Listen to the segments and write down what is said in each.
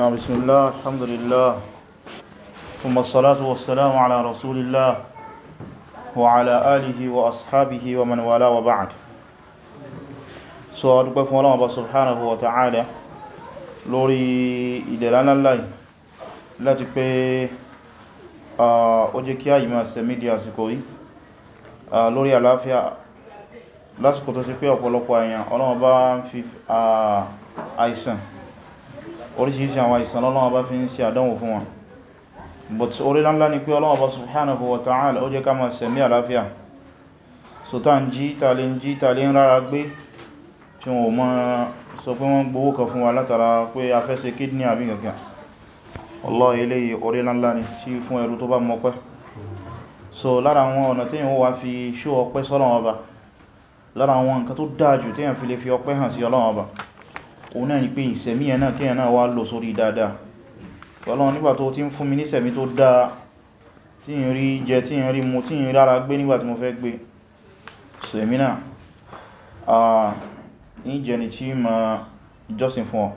نعم بسم الله الحمد لله ثم الصلاة والسلام على رسول الله وعلى آله وأصحابه ومن والاه وبعد so adúgbẹ́ fún Ọlọ́run Ọba subhanahu wa ta'ala lórí ìdẹ̀lánà láì láti pé ó jẹ́ kí a ìmọ̀ sẹ̀mí di àsìkò yìí lórí àláfíà lásìkò tó sí pé ọ̀pọ̀lọpọ̀ èèyàn Ọlọ́run Ọba ń fi àìsàn oríṣìíríṣìí àwọn ìsànlọ́ Ọlọ́run bá fi ń ṣe àdánwò fún wọn but orílẹ̀ ńlá ni pé Ọlọ́run bá subhanahu wa ta'ala ó jẹ́ ká máa sẹ̀mí àláfíà so tá ń jí tàlé ń jí tàlé ń rárá gbé tí wọ́n mọ́ sọ pé wọ́n gbówó kan fún wa látara pé a fẹ́ ṣe kidney àbí kankan Allah eléyìí orílẹ̀ ńlá ni tí fún ẹrú tó so lára àwọn ọ̀nà tí yíò fi ṣó ọpẹ́ sọ́lọ́wọ́ ọba lára àwọn nǹkan tó dáa jù tí yíò fi lè fi òun náà ni pé ìsẹ̀mí ẹ̀ náà kíyàn náà wá lọ sórí dáadáa ọlọ́run nígbà tó ti ń fún mi ní sẹ̀mí tó dáa tí ń rí jẹ tí ń rí mu tí ń rárá gbé nígbà tí mo fẹ́ gbé sẹ̀mí náà ní jẹni tí ma jọ́sìn fún ọ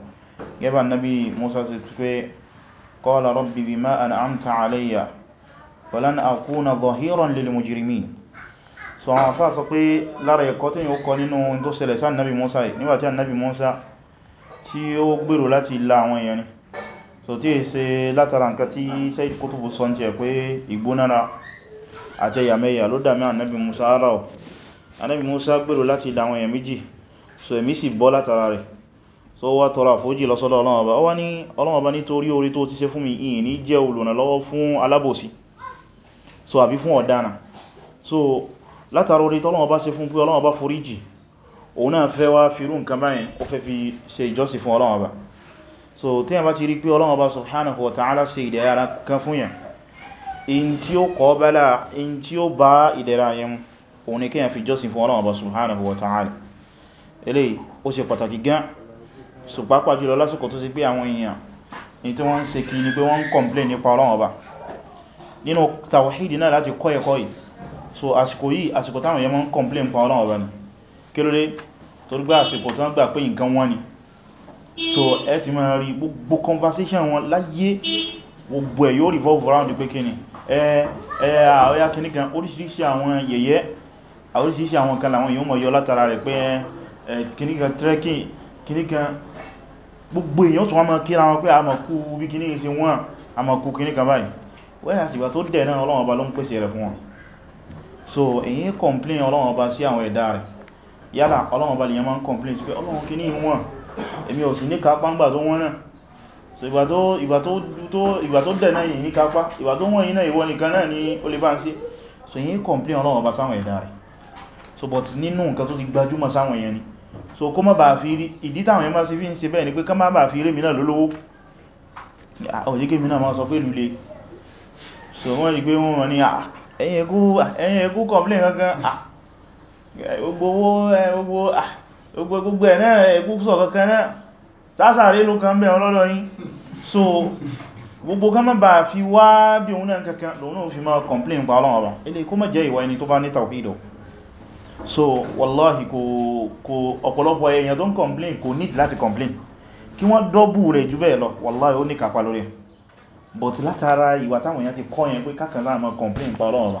gẹ́bà nábi Musa sì pé qala rabbi bima an'amta alayya falan akuna dhahiran lil mujrimin so àwọn àfáà sọ pé lára ẹ̀kọ́ tí yíó kọ nínú tó sáà nábi Musa nígbàtí nábi Musa tí ó gbèrò láti la àwọn èèyàn ni so tí è ṣe látara nǹkan tí Sayyid Qutb sọ ti ẹ̀ pé ìgbónára àtẹyàmẹ́yà ló dàmí ànábì Musa ara ọ̀ ànábì Musa gbèrò láti la àwọn èèyàn méjì so èmi sì bọ́ látara rẹ̀ so wá tọrọ àforíjì lọ́sọ́dọ̀ Ọlọ́run Ọba ó wá ní Ọlọ́run Ọba nítorí orí tó ti ṣe fún mi ìyìn ní so àbí fún ọ̀daràn so látara orí tọ́lọ́run Ọba ṣe fún pé Ọlọ́run òun náà fẹ́ wá firú nǹkan báyìí ó fẹ́ fi ṣe ìjọsìn fún Ọlọ́run Ọba so tí yàn bá ti rí pé Ọlọ́run Ọba subhanahu wa ta'ala ṣe ìdẹ̀ra ara kan fún yàn in tí ó kọ́ bẹ́lá in tí ó bá ìdẹ̀ra yẹn òun ni kíyàn fi jọsìn fún Ọlọ́run Ọba subhanahu wa ta'ala eléyìí ó ṣe pàtàkì gan so pàápàá jùlọ lásìkò tó ṣe pé àwọn èèyàn ní tí wọ́n ń ṣe kí ni pé wọ́n ń complain nípa Ọlọ́run Ọba nínú tawhid náà láti kọ́ ẹ̀kọ́ yìí so àsìkò yìí àsìkò táwọn èèyàn máa ń complain nípa Ọlọ́run kí ló dé torí gbá àsìkò tó wọ́n gbà pé nǹkan wọ́n ni so ẹ ti máa rí gbogbo conversation wọn láyé gbogbo ẹ̀ yóò revolve around pé kí ni ẹ ẹ àwọ́yá kìíní kan oríṣiríṣi àwọn yẹ̀yẹ́ oríṣiríṣi àwọn kan làwọn yóò mọ̀ yọ látara rẹ̀ pé ẹ kìíní kan trekking kìíní kan gbogbo èèyàn tó wọ́n máa kíra wọn pé a máa kú bí kìíní sí wọ́n a máa kú kìíní kan báyìí wẹ́nà sígbà tó dẹ̀ náà Ọlọ́run Ọba ló ń pèsè rẹ̀ fún wọn so èyí complain Ọlọ́run Ọba sí àwọn ẹ̀dá rẹ̀ yálà ọlọ́wọ́n bá lè yẹn máa ń complain pé ọlọ́wọ́n kí ní ìwọ̀n èmi ò sí ní kápá ń gbà tó wọ́n náà so ìgbà tó dẹ̀ náà yìí ní kápá ìgbà tó wọ́n yìí náà ìwọ nìkan náà ni ó lè bá ń sí so yìí complain ọlọ́wọ́n bá sáwọn ẹ̀dá rẹ̀ so but nínú nǹkan tó ti gbajúmọ̀ sáwọn èèyàn ni so kó má bàa fi rí ìdí táwọn ẹmọ́ sí fi ń ṣe bẹ́ẹ̀ ni pé ká má bàa fi rí mi náà lólówó òjíkè mi náà máa sọ pé lulẹ̀ so wọ́n rí pé wọ́n ní ẹ̀yìn ẹ̀kú complain kankan gbogbo ẹ̀ ẹgbùsọ̀ kankan náà sásàrí ló kan bẹ̀rẹ̀ lọ́dọ̀ yín so gbogbo kan bá fi wá bí òun náà kankan lòun náà fi máa complain pa ọlọ́wọ́ bá ilé kó mọ́ jẹ́ ìwà ẹni tó bá ní tawhid so wallahi kò ọ̀pọ̀lọpọ̀ èèyàn tó ń complain kò need láti complain kí wọ́n dọ́bù rẹ̀ jù bẹ́ẹ̀ lọ wallahi ó ní kàpá lórí but látara ìwà táwọn èèyàn ti kọ́ yẹn pé kákan láàmọ́ complain pa ọlọ́wọ́ bá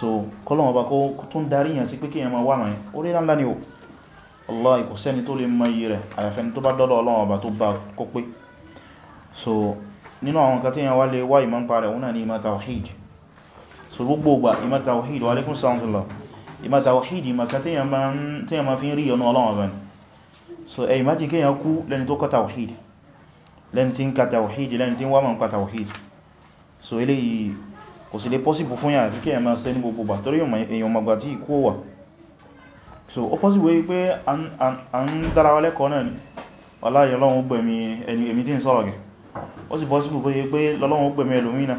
so kọ́lọ̀wọ̀n bá kó tó ń darí yàn sí pé kíyàn máa wà náà orí ńlá ni o Allah kò sẹ́ni tó lè mọ iye rẹ̀ àyàfẹ́ni tó bá dọ́dọ̀ Ọlọ́run Ọba tó bá kó pé so nínú àwọn nǹkan tí yàn wá lè wá ìmọ̀ pa rẹ̀ òun ni ìmọ̀ tawhid so gbogbo ìgbà ìmọ̀ tawhid wa alaikum salam ìmọ̀ tawhid ìmọ̀ kan tí yàn máa fi ń rí ọ̀nà Ọlọ́run Ọba ni so ẹ ìmájì kíyàn kú lẹ́ni tó kọ́ tawhid lẹ́ni tí ń ka tawhid lẹ́ni tí ń wá mọ̀ ń pa tawhid so eléyìí kò sí lè pọ́sìbù fún yà àfikẹ́ ẹ̀mà sẹ́ ní gbogbo bàtórí èyàn magbà tí ìkó wà so ó pọ́sìbù wé pé a ń dára wa lẹ́kọ̀ọ́ náà ni aláyẹ lọ́wọ́n gbẹ̀mí ẹni tí ń sọ̀rọ̀ gẹ̀ ó sì pọ́sìbù kó pé lọ́wọ́n gbẹ̀mí ẹlòmínà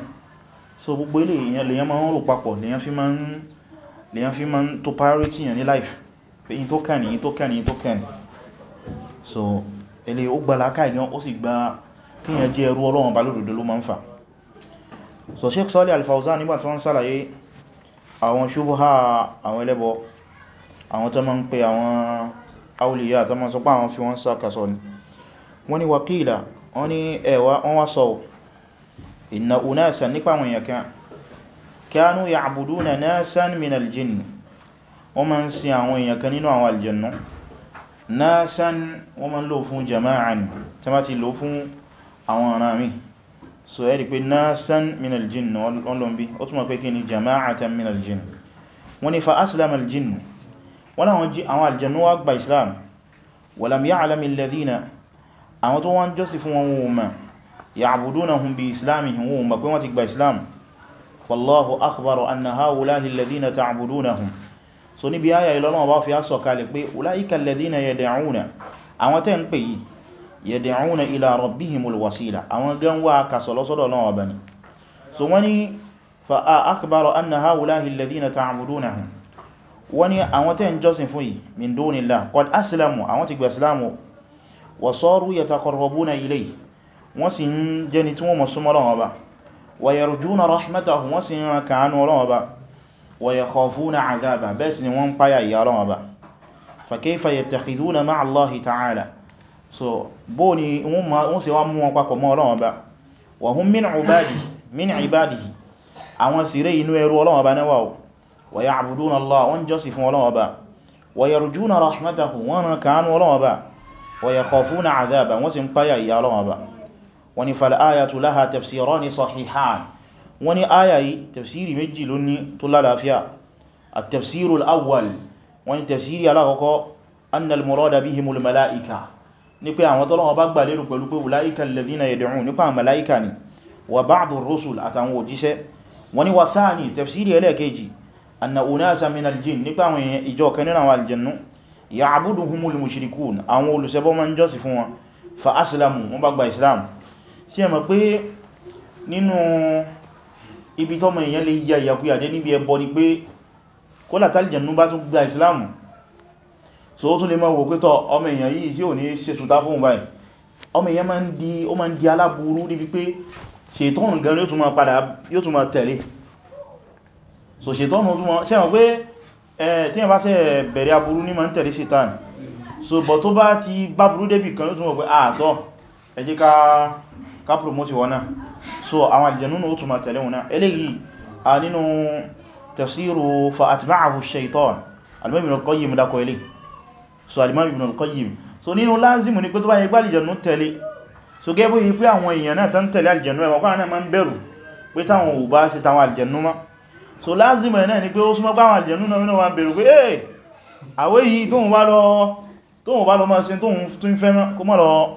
so Sheikh Salih Al-Fawzan nígbà tí wọ́n ṣàlàyé àwọn ṣubúhá àwọn ẹlẹ́bọ àwọn tó ma ń pè àwọn awliya tó ma sọ pé àwọn fi wọ́n sá kàsọ ni wọ́n ni wàkílà wọ́n ni ẹ̀wà wọ́n wá sọ inna unasan nípa àwọn èèyàn kan kanu ya'buduna nasan min so ẹ́ rí pé nasan minal jinn ọlọ́mbí ó túnmọ̀ pé kí ni jama'atan minal jinn wọ́n ni fa aslam aljinn wọ́n àwọn aljannu wá gba islam walam ya'lam alladhina àwọn tó wọ́n jọ́sí fún wọn wọ́n ma ya'budunahum bi islamihim wọ́n ma pé wọ́n ti gba islam wallahu akhbaru anna ha'ula'i alladhina ta'budunahum so níbi ayà ìlọ́lọ́wọ́ bá fi á sọ̀kalẹ̀ pé ula'ika alladhina yad'una àwọn tẹ́ ń pè yìí yad'una ila rabbihimul wasila àwọn gan wá kàsọ̀lọ́sọ́dọ̀ náà wà bani so wani fa a akhbaro anna haulahi alladhina ta'budunahum wani àwọn tẹ́ ń jọ́sìn fún yìí min dunillah qad aslamu àwọn tí gba islamu wa saru yataqarrabuna ilayhi wọ́n sì ń jẹni tí wọ́n mọ̀ súnmọ́ Ọlọ́run Ọba wa yarjuna rahmatahu wọ́n sì ń so bó ni wọ́n ṣe wá mú wọn papọ̀ mọ́ Ọlọ́run Ọba wa hum min ibadihi min ibadihi àwọn sire inú ẹrú Ọlọ́run Ọba náà wà wa ya'buduna Allah wọ́n jọ́sìn fún Ọlọ́run Ọba wa yarjuna rahmatahu wọ́n ran kàánú Ọlọ́run Ọba wa yakhafuna 'adhaba wọ́n sì ń páyà ìyà Ọlọ́run ní pé àwọn tọ́lọ́wọ́ bá gbà lérò pẹ̀lú pé wùláíkà lèvínà yẹ̀dẹ̀rún nípa màláíkà ni wà báàdù rọ́sùl àtàwọn òjíṣẹ́ wọ́n ni wà thani tafsiri ẹlẹ́ẹ̀kejì anna unasa min aljin nípa àwọn ìjọ kan nínú àwọn aljannu ya'buduhumul mushrikun àwọn olùṣẹbọ máa ń jọ́sìn fún wọn fa aslamu wọ́n bá gba islam sí ẹ mọ̀ pé nínú ibi tọ́mọ èèyàn lè yà ìyàkúyà dé níbi ẹbọ ni pé kólà tálìjẹ̀nú bá tún gba islam so ó tún lè máa wò pé tọ́ ọmọ èèyàn yìí tí ò ní ṣe tuta fún báyìí ọmọ èèyàn máa ń di ó máa ń di aláburú níbi pé ṣètọ́nù gan yóò tún máa padà yóò tún máa tẹ̀lé so ṣètọ́nù tún máa ṣẹ́wọ̀n pé tí yẹn bá ṣe bẹ̀rẹ̀ aburú ní máa ń tẹ̀lé ṣètàn so bọ̀ tó bá ti bá burú débì kan yóò tún mọ̀ pé àtọ́ ẹ ká ká promote wọn náà so àwọn àlìjẹ̀nú ó tún máa tẹ̀lé wọn náà eléyìí a nínú tafsiru fa atba'ahu shaytan al-Qayyim dákọ̀ eléyìí so alimam ibn al so nínú lázimu ni pé tó bá yẹ gbá alìjẹ̀nú tẹ̀lé so gẹ́gbó yí pé àwọn èèyàn náà tán tẹ̀lé alìjẹ̀nú ẹmọ kọ́nà ma ń bẹ̀rù pé táwọn ò bá so lázimu ni pé ó súnmọ́ pé àwọn alìjẹ̀nú náà ma bẹ̀rù pé ee àwé yìí tóhun bá lọ ma ṣe tóhun tún fẹ́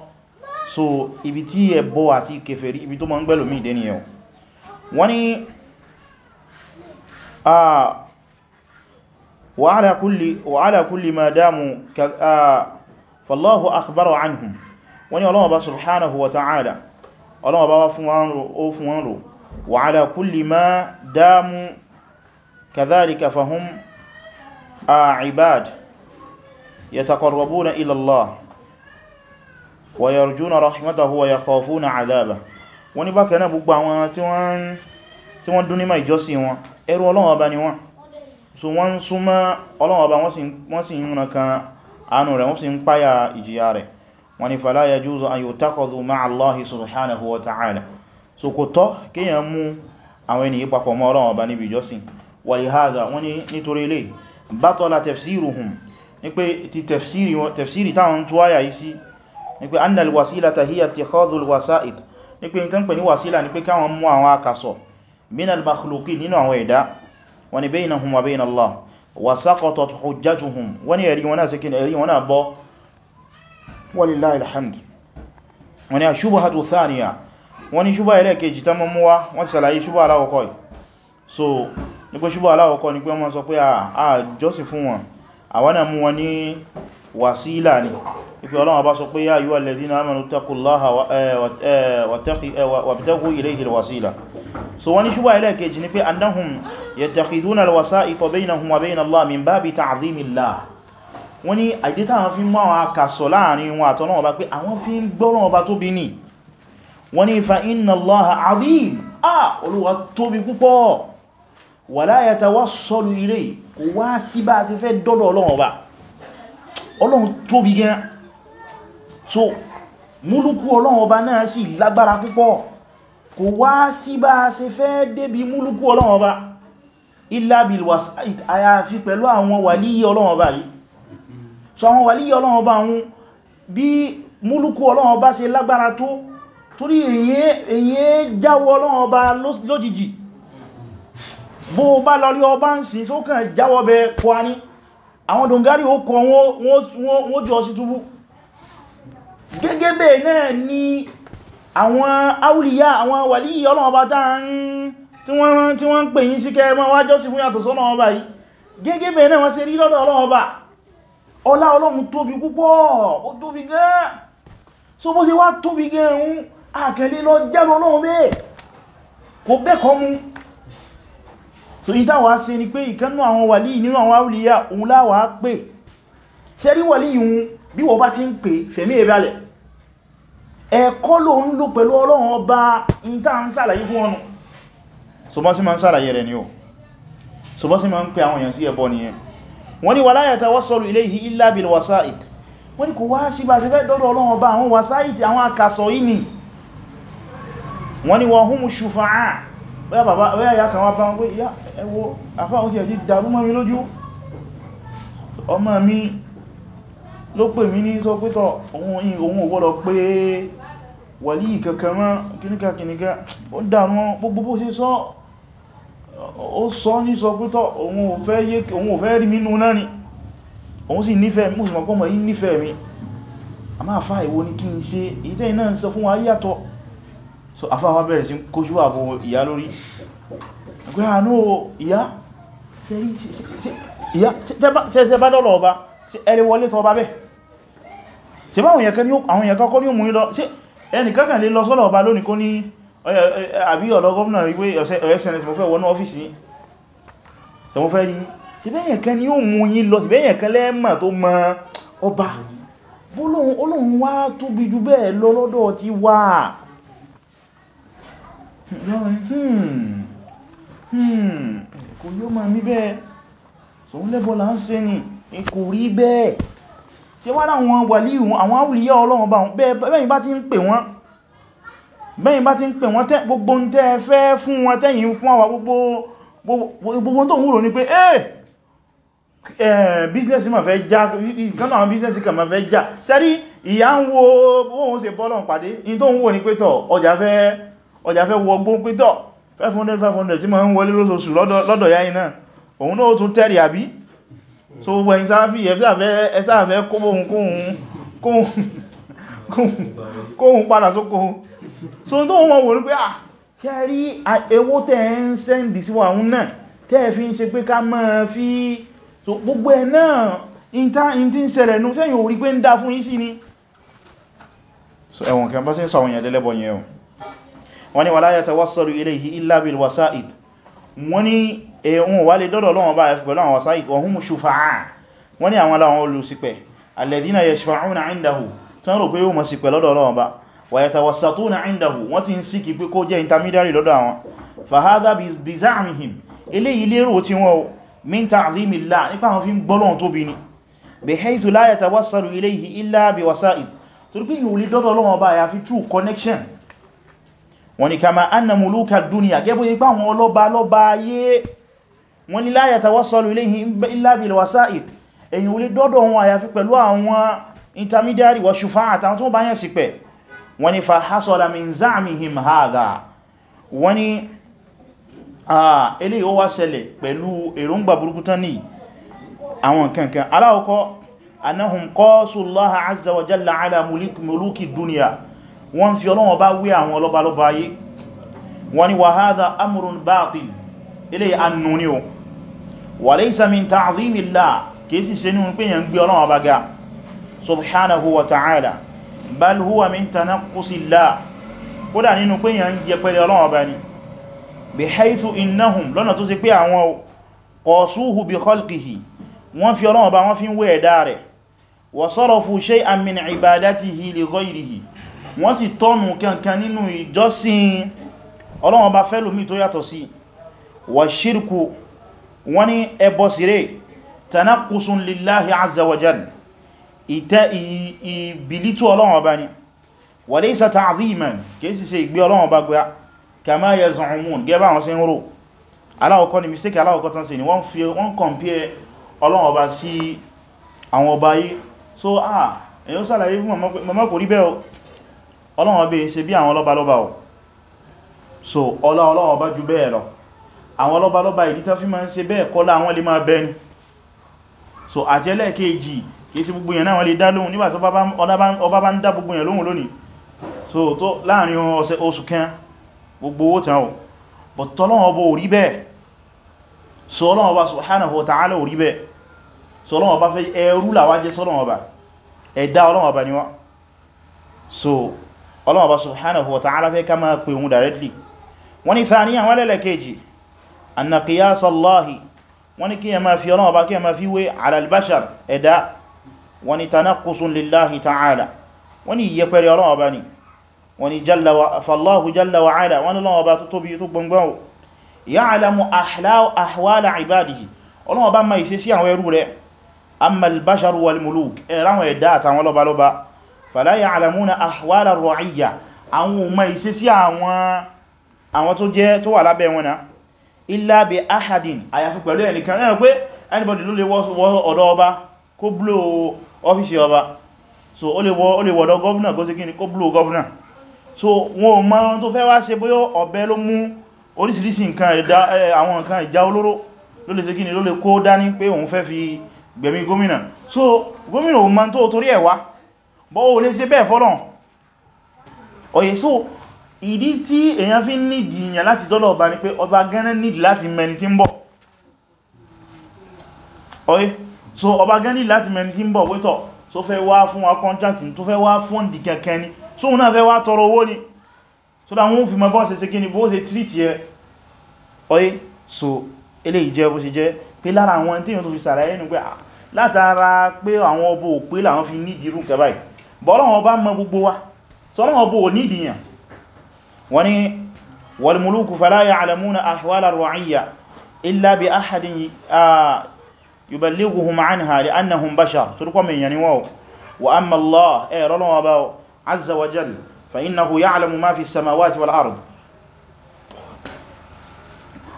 so ibi tí ẹbọ àti kèfèrí ibi tó ma ń gbẹ́lòmí ìdẹ́niyàn wọ́n ni وعلى كل وعلى كل ما داموا فالله أخبر عنهم وني الله سبحانه وتعالى الله بابا فوانرو وعلى كل ما داموا كذلك فهم عباد يتقربون إلى الله ويرجون رحمته ويخافون عذابه وني باكنا بغبا وان تي وان دوني ما يجوسي وان ايرو الله با ني وان so wọ́n súnmọ́ Ọlọ́run Ọba wọ́n sì ń ràn kan àánú rẹ̀ wọ́n sì ń páyà ìjìyà rẹ̀ wọ́n ní fala yajuzu an yutakhadhu ma'a Allahi subhanahu wa ta'ala so kò tọ́ kíyàn mú àwọn ènìyàn papọ̀ mọ́ Ọlọ́run Ọba níbi ìjọsìn wa lihadha wọ́n ní nítorí ilé batala tafsiruhum ní pé ti tafsiri táwọn tó wáyà yìí sí ní wọ́n ni baynahum wa bayna Allah wa saqatat hujjatuhum wọ́n ni ẹ̀rí wọn náà síkí ẹ̀rí wọn náà bọ́ walillahil hamd wọ́n ni ashubhatu thaniya wọ́n ni ṣubha ẹlẹ́kejì ta mọ́ múwá wọ́n sàlàyé ṣubha aláwọ̀kọ́ so ní pé ṣubha aláwọ̀kọ́ ni pé wọ́n sọ pé ah, a jọ́sì fún wọn àwọn náà mú wọn ní wàsílà ni ipi ọlọ́wọ́ bá sọ pé yá yíwa lẹ́dí na amanu takullaha wàbtẹ́kù eh, eh, eh, ilayhi alwasila so wani ṣubu ẹlẹ́kejì ni pé annahum yattakhiduna alwasa'ita baynahum wa bayna Allah min babi ta'zimillah wọ́n ni àìdítà wọn fi mọ́ àwọn akàsọ̀ láàrin wọn àtọ́nà ọba pé àwọn fi ń gbọ́rọ̀ ọba tó bí ní wọ́n ni fa inna Allaha azim ah olúwa tóbi púpọ̀ ọlọ́run tóbi gan so múlùkù ọlọ́run ọba náà sì lágbára púpọ̀ kò wá sí bá a ṣe fẹ́ débi múlùkù ọlọ́run ọba illa bil wasaid àyàfi pẹ̀lú àwọn wàlíyí ọlọ́run ọba yìí so àwọn wàlíyí ọlọ́run ọba wọn bí múlùkù ọlọ́run ọba ṣe lágbára tó torí èyí jáwọ́ ọlọ́run ọba lójijì bó bá lọ rí ọba ń sin tó kàn jáwọ́ bẹ kọ́ ní àwọn dongari ó kọ wọ́n jọ sí túbú gẹ́gẹ́ bẹ́ẹ̀ náà ni àwọn áwùlìyà àwọn wàlí ọlọ́ọ̀bá tí wọ́n ń pè yí sí kẹ́ mọ́ wájọ́ sí fún yàtọ̀ sọ́nà ọba yìí gẹ́gẹ́ bẹ́ẹ̀ náà wọ́n ṣe rí lọ́dọ̀ ọlọ́ọ̀bá ọlá ọlọ́run tóbi púpọ̀ ó tóbi gan so bó ṣe wá tóbi gan ń àkẹ́lẹ́ lọ jẹ́ lọ́lọ́run bẹ́ẹ̀ kò bẹ́ẹ̀kọ́ so yí dáwà ṣe ni pé ìkannú àwọn wàlí nínú àwọn àwúlíyà òun láwà pé ṣe rí wàlí yìí bí wọ́n bá ti ń pè fẹ̀mí ìbálẹ̀ ẹ̀kọ́ ló ń lò pẹ̀lú ọlọ́run ọba ìta ń sàlàyé fún ọnù so bá sí ma ń sàlàyé rẹ̀ ni ó so bá sí ma ń pè àwọn èèyàn sí ẹbọ nìyẹn wọ́n ní wàlá yàtà wọ́sọ̀rọ̀ ilé ìhì illa bil wasaid wọ́n ní kò wá sí bá ṣe fẹ́ dọ́dọ̀ ọlọ́run ọba àwọn wasaid àwọn akasọ̀ yìí ni wọ́n ní wọ́n humu shufa'a wọ́n bàbá wọ́n kan wá bá wọ́n pé yà ẹwọ àfáwọn tí ẹ̀ sí dàrú mọ́ mi lójú ọmọ mi ló pè mí ní sọ pẹ́tọ̀ ohun ògbọ́dọ̀ pé wàlí ìkẹkẹrán kìníkà kìníkà ó dàrú gbogbo bó ṣe sọ ó sọ ní sọ pẹ́tọ̀ ohun ò fẹ́ rí mínú náà ni òun sì nífẹ̀ẹ́ mú sí mọ̀ pọ́mọ̀ yí nífẹ̀ẹ́ mi a máa fà ìwo ní kí n ṣe èyí tẹ́yìn náà ń sọ fún wa yàtọ̀ so afáwà bẹ̀rẹ̀ sí kójú àbò ìyá lórí pé àánú ah, ìyá ṣe bá dọ́lọ̀ ọba ẹni wọlé tọ ọba bẹ́ ṣe bá àwọn èèyàn kọ́kọ́ ní òmùn lọ ṣe ẹni kankan lè lọ sọ́lọ̀ ọba lónìí kó ní àbí ọ̀lọ́ gọ́ọ̀nà ìwé ẹ̀ṣẹ̀rẹ̀ mo fẹ́ wọnú ọ́fíìsì ṣe mo fẹ́ rí síbẹ̀yàn kan ní òmùn yí lọ síbẹ̀yàn kan lẹ́mà tó mọ ọba olóhun wá tóbi jù bẹ́ẹ̀ lọ lọ́dọ̀ ti wà Hmm. hmm. Hmm, kò yóò máa ní bẹ́ẹ̀ so ń lẹ́bọ̀ là ń ní kò rí bẹ́ẹ̀ ṣe wá láwọn wàlíù àwọn àwùlíyà ọlọ́run bá bẹ́yìn bá ti ń pè wọ́n bẹ́yìn bá ti ń pè wọ́n tẹ́ gbogbo ń tẹ́ fẹ́ fún wọn tẹ́yìn fún àwa gbogbo tó wúrò ní pé eh ọjà fẹ́ ọjà fẹ́ 500 500 tí ma ń wọlé lóṣooṣù lọ́dọ̀ yáyìn náà òun náà tún tẹ́rì àbí so gbogbo ẹ̀yin sáfí ẹ̀sáfẹ́ kóbóhun kóhun padà sókó so tó wọ́n wọ́n pé à ah, ṣe rí ewó tẹ́ ń sẹ́ndì sí wà ń náà tẹ́ fi ń ṣe pé ká máa fi gbogbo ẹ̀ náà in tí ń ṣẹlẹ̀ nú sẹ́yìn orí pé ń dá fún yín sí ni so ẹ̀wọ̀n kẹ́ bá sí ń sọ àwọn èèyàn lẹ́lẹ́bọ̀ yẹn o wọ́n ni wala yatawassalu ilayhi illa bil wasa'id wọ́n ni èhun wà lè dọ́dọ̀ lọ́wọ́ bá pẹ̀lú àwọn wasa'id wa hum shufa'a wọ́n ni àwọn aláwọn olùsípẹ̀ alladhina yashfa'una 'indahu tán rò pé yóò mọ̀ sí pẹ̀ lọ́dọ̀ lọ́wọ́ wa yatawassatuna 'indahu wọ́n ti ń sí kí pé kó jẹ́ intermediary lọ́dọ̀ àwọn bi za'mihim eléyìí lérò tí wọ́n min ta'zimillah nípa àwọn fi ń gbọ́lọ̀ tó bí ni bihaythu la yatawassalu ilayhi illa bi wasa'id torí pé ìwòlé dọ́dọ̀ lọ́wọ́ ya fi true connection wọ́n ní kama anna muluka duniya gẹ́bọ́ ipá wọn ọlọ́ba lọ́ba ayé wọ́n ní la yatawassalu ilayhi illa bil wasa'it èyàn olè dọ́dọ̀ wọn àyàfi pẹ̀lú àwọn intermediary wa shufa'a àtàwọn tó bá sí pẹ̀ wọ́n ní fa hasala min wọ́n fi Ọlọ́run bá wé àwọn ọlọ́balọ́ba ayé wọ́n ni wa hadha amrun batil ilé annú ni o wa laysa min ta'zimillah kìí sì se ní wọn pé yẹn gbé Ọlọ́run bá ga subhanahu wa ta'ala bal min tanaqqusillah kódà nínú pé yẹn yẹpẹrẹ Ọlọ́run bá ni bi bá wọ́n fi ń wọ́n sì tọ́nù kankan nínú ìjọsìn Ọlọ́run bá fẹ́ lómi tó yàtọ̀ sí wà ṣírkù wọ́n ní ẹbọ síré tanakusun lillahi azza wa jal ìtẹ́ ìbìlítù Ọlọ́run bá ní wa laysa ta'ziman kìí ni mistake aláwọ̀kọ́ tán sí ni wọ́n ah, fún mama kò rí bẹ́ẹ̀ ọlọ́wọ́n bí ṣe bí àwọn lọ́balọ́ba ọ̀ so ọlá ọlọ́wọ́n bá ju bẹ́ẹ̀ lọ àwọn lọ́balọ́ba ìdí tán fi máa ń ṣe bẹ́ẹ̀ kọ́lá àwọn lè máa bẹ́ni so àjẹ́lẹ̀ kejì kìí sí gbogbo yẹn náà wọ́n lè dá lóhun nígbàtí ọba bá ń dá gbogbo so tó láàrin ọ̀sẹ̀ oṣù kan gbogbo owó tán ò but tọ́lọ́wọ́n ọba ò rí bẹ́ẹ̀ so ọlọ́wọ́n ta'ala ò rí bẹ́ẹ̀ so ọlọ́wọ́n ọba fẹ́ ẹrú làwájẹ́ sọ́lọ́wọ́n ọba ẹ̀dá ọlọ́wọ́n ni wọ́n so Ọlọ́run Ọba subhanahu wa ta'ala fẹ́ ká máa pè ohun directly wọ́n ni thaniyan wọ́n lẹ́lẹ́kejì anna qiyasallahi wọ́n ni kí yẹ máa fi Ọlọ́run Ọba kí yẹ máa fi wé ala al-bashar ẹ̀dá wọ́n ni tanaqqusun lillahi ta'ala wọ́n ni yẹpẹrẹ Ọlọ́run Ọba ni wọ́n ni fallahu jalla wa ala wọ́n ni Ọlọ́run Ọba tó tóbi fala ya'lamuna ahwala ar-ra'iyya àwọn ọmọ ìṣẹ́ sí àwọn tó jẹ́ tó wà lábẹ́ wọn náà illa bi ahadin àyàfi pẹ̀lú ẹnìkan náà pé anybody ló lè wọ́ ọ̀dọ̀ ọba kó bló ọ́fíṣì ọba so ó lè wọ́ ọ̀dọ̀ gọ́vnà kó sí kí ni kó bló gọ́vnà so wọn ò mọ̀ ohun tó fẹ́ wá ṣe bóyá ọ̀bẹ ló mú oríṣiríṣi àwọn nǹkan ìjà olóró ló lè ṣe kí ni ló lè kó dání pé òun fẹ́ fi gbẹ̀mí gómìnà so gómìnà ò mọ̀ tó torí ẹ̀ bọ́ o lè ṣe bẹ́ẹ̀ fọ́lọ̀ ọ̀yẹ̀ so ìdí tí èyàn fi nídi ìyàn láti dọ́lọ̀ ọba ni pé ọba gẹ́nẹ́ nídi láti mẹni tí ń bọ̀ ọ̀yẹ̀ so ọba gẹ́nẹ́ nídi láti mẹni tí ń bọ̀ wétọ̀ tó fẹ́ wá fún wa contract tó fẹ́ wá fún di ni so òun náà fẹ́ wá so da wọ́n ni bó ṣe treat so eléyìí jẹ́ bó ṣe jẹ́ pé lára àwọn tí yóò tó fi sàrà ẹnu pé ah, látara pé àwọn ọbọ̀ òpé làwọn fi nídìí irú kẹbáyìí bọ́lọ́wọ́ bá mọ gbogbo wa sọ́lọ́wọ́ bó ní ìdíyàn wọ́n ni wal-muluku fala ya'lamuna ahwala ar-ra'iyya illa bi ahadin yuballighuhum anha li'annahum bashar turkwa min yani wa wa amma Allah eh rọ́lọ́wọ́ bá azza wa jal fa innahu ya'lamu ma fi as-samawati wal ard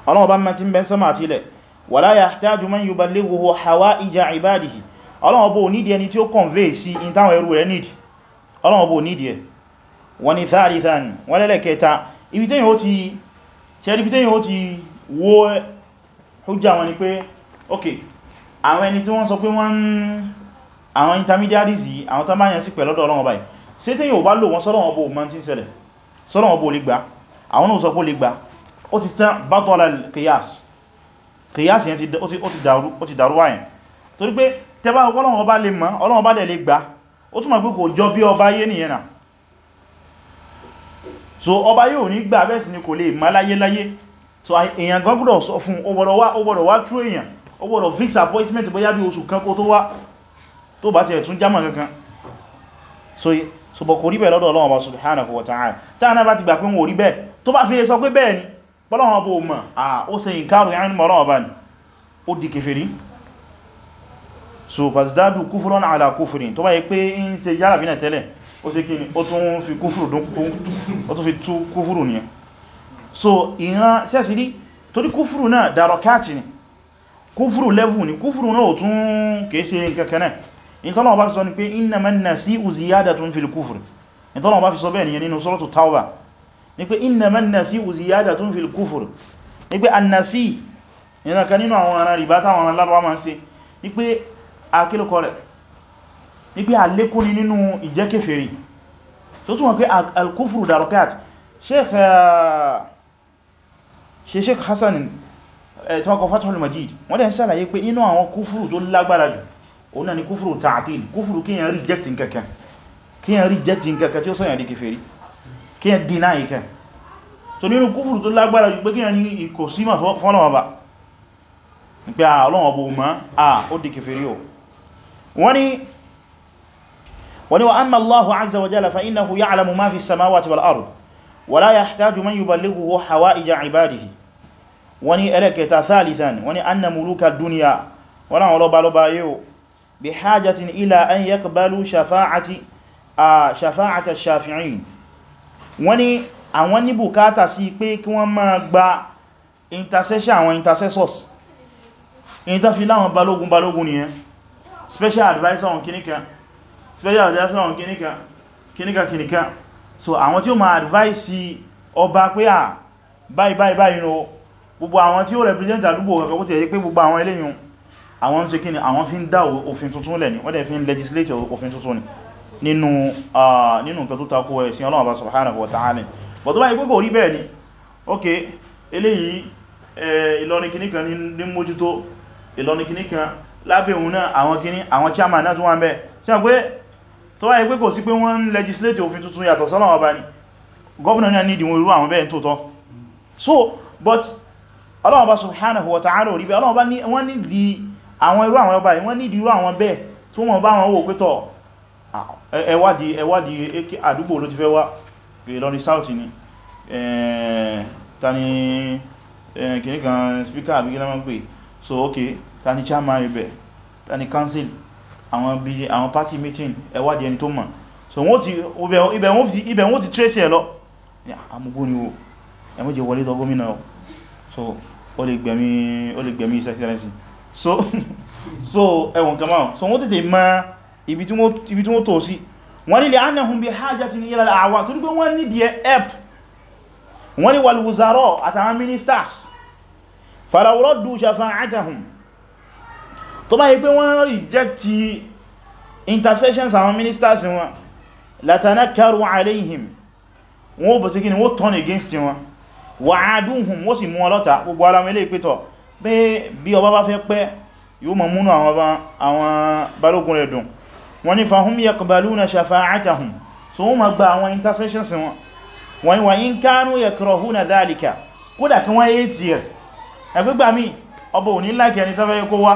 ọlọ́wọ́ bá mọ̀ tí ń bẹ́ sọ́mà tilẹ̀ wala yahtaju man yuballighuhu ibadihi ọlọ́wọ́ bó nídìí ẹni tí ó convey sí in táwọn ẹrù rẹ̀ nídìí ọlọ́wọ́ bó nídìí ẹ̀ wọ́n ni thalithan wọ́n lẹ́lẹ́kẹta ibi tẹ́yìn ó ti ṣẹ́rí ibi tẹ́yìn ó ti wó hujja wọn ni pé ok àwọn ẹni tí wọ́n sọ pé wọ́n àwọn intermediaries yìí àwọn tán bá yẹn sí pẹ̀lọ́dọ̀ ọlọ́wọ́ báyìí ṣé tẹ́yìn ò bá lò wọn sọ́lọ́wọ́ bó ma ti ń ṣẹlẹ̀ sọ́lọ́wọ́ bó lè gbà àwọn náà sọ pé lè gbà ó ti tán batala qiyas qiyas yẹn ó ti dàrú wáyẹn torí pé tẹ bá ọlọ́run ọba lè mọ̀ ọlọ́run ọba dẹ̀ lè gbà ó túnmọ̀ pé kò jọ bí ọba ayé nìyẹn náà so ọba yóò ní gbà bẹ́ẹ̀ sì ni kò lè má láyé láyé so èyàn gan gbọ́dọ̀ sọ fún ó gbọ́dọ̀ wá ó gbọ́dọ̀ wá tró èyàn fix appointment bóyá bí oṣù kan kó tó wá tó bá ti ẹ̀tún jámà kankan so so bọ̀ kò rí bẹ́ẹ̀ lọ́dọ̀ Ọlọ́run Ọba tá náà bá ti gbà pé wọn ò rí bẹ́ẹ̀ tó bá fi lè sọ pé bẹ́ẹ̀ ni bọ́lọ́wọ́n bó mọ̀ à so fasdadu kúfúrún ala kúfúrin tó bá yẹ pé ń ṣe yára bínà tẹ́lẹ̀ ó ṣe kíni ó tún fi kúfúrù dún ó tún fi tú kúfúrù ní so ìran sẹ́sì rí torí kúfúrù náà dárọkáàtì ni kúfúrù lẹ́vù ni kúfúrù náà tún kìí ṣe kẹkẹrẹ ìtọ́nà ọba fi sọ ni pé innama nasi'u ziyadatun fil kufri ìtọ́nà ọba fi sọ bẹ́ẹ̀ nìyẹn nínú suratu tawba ni pé innama nasi'u ziyadatun fil kufri ni pé annasi ìrìnkan nínú àwọn ará rìbá táwọn alábọ́ máa ń ṣe ni pé akílùkọ ah, rẹ̀ wípé àlékún ni nínú ìjẹ́kèfèrí tó túnmọ̀ pé alkúfùrù darukat ah, sheikh sheikh hassan eh, tí wọ́n kọ fathul majid wọ́n dẹ̀ ń sàlàyé pé nínú àwọn kúfùrù tó lágbára jù òun náà ni kúfùrù ta'til kúfùrù kíyàn rejecting kẹkẹ kíyàn rejecting kẹkẹ tí ó sọ́yàn di kèfèrí kíyàn deny kẹ so nínú kúfùrù tó lágbára jù pé kíyàn ní ìkòsímà fọ́nà ah, ọba nígbà ọlọ́wọ́ bó mọ́ à wọ́n ni wọ́n ni wa amma Allahu azza wa jalla fa innahu ya'lamu ma fi samawati wal ard wa la yahtaju man yuballighu hawa'ija ibadihi wọ́n ni ẹlẹ́kẹta thalithan wọ́n ni anna muluka duniya wọ́n láwọn lọ́ba lọ́ba bi hajjatin ila an yaqbalu shafa'ati a shafa'ata shafi'in wọ́n ni àwọn ní bùkátà sí kí wọ́n máa gba intercession àwọn intercessors in ta fi láwọn balógun balógun nìyẹn special advisor on kìníkan special advisor on kìníkan kìníkan kìníkan so àwọn tí ó ma advice ọba pé bye bye bye. You know, gbogbo àwọn tí ó represent àdúgbò kankan kó ti ẹ̀yẹ pé gbogbo àwọn eléyìn àwọn ń ṣe kí ni àwọn fi ń dá òfin tuntun lẹ̀ ni wọ́n dẹ̀ fi ń legislate òfin tuntun ni nínú nǹkan tó takò ẹ̀sìn Ọlọ́run Ọba subhanahu wa ta'ala but tó bá ipé kò rí bẹ́ẹ̀ ni ok eléyìí Ìlọrin kìníkan ní mójútó Ìlọrin kìníkan lábẹ́ òun náà àwọn kíní àwọn chairman náà tún wà ń bẹ sí àwọn pé tó wáyé pé kò sí pé wọ́n ń legislate òfin tuntun yàtọ̀ sọ́lọ̀ ni so but ọlọ́ọ̀bá subhanahu wa ta'ala orí bẹ́ ọlọ́ọ̀bá ní wọ́n ní di àwọn irú àwọn ọba yìí wọ́n ní di irú àwọn bẹ́ẹ̀ tó wọ́n bá wọn wò pé tọ́ ẹwádìí ẹwádìí tani kìnnìkan speaker àbíkí lámọ́ pé so okay ta ni chairman ibẹ̀ ta ni council àwọn bí àwọn party meeting ẹ wá di ẹni tó mọ̀ so wọ́n ti ibẹ̀ wọ́n ti trace ẹ lọ amúgbó ni o ẹmọ́ jẹ wọlé tọ gómìnà o so ó lè gbẹ̀mí sẹ́kẹ́rẹ́sì so so ẹwọ̀n kama so wọ́n tètè ma ibi tí wọ́n tó sí wọ́n nílẹ̀ annahum bí hajjatin ila al-a'wam torí pé wọ́n ní díẹ̀ ep wọ́n ní wal wuzara àtàwọn ministers falawraddu shafa'atahum tó bá yí pé wọ́n reject intercessions àwọn ministers wọn latanakaru alayhim wọ́n bọ̀ sí kí ni wọ́n turn against wọn wa'aduhum wọ́n sì mú ọlọ́ta gbogbo ara mẹ́lẹ̀ ìpẹ́tọ̀ pé bí ọba bá fẹ́ pẹ́ yóò mọ̀ múnú àwọn balógun rẹ̀ dùn wọ́n ní fahum yaqbaluna shafa'atahum so wọ́n ma gba àwọn intercessions wọn wọ́n wà in kanu yakrahuna dhalika kódà kí wọ́n yé tí rẹ̀ ẹgbẹ́gbàmí ọba ò ní láìkẹ́ ni tafẹ́ kó wá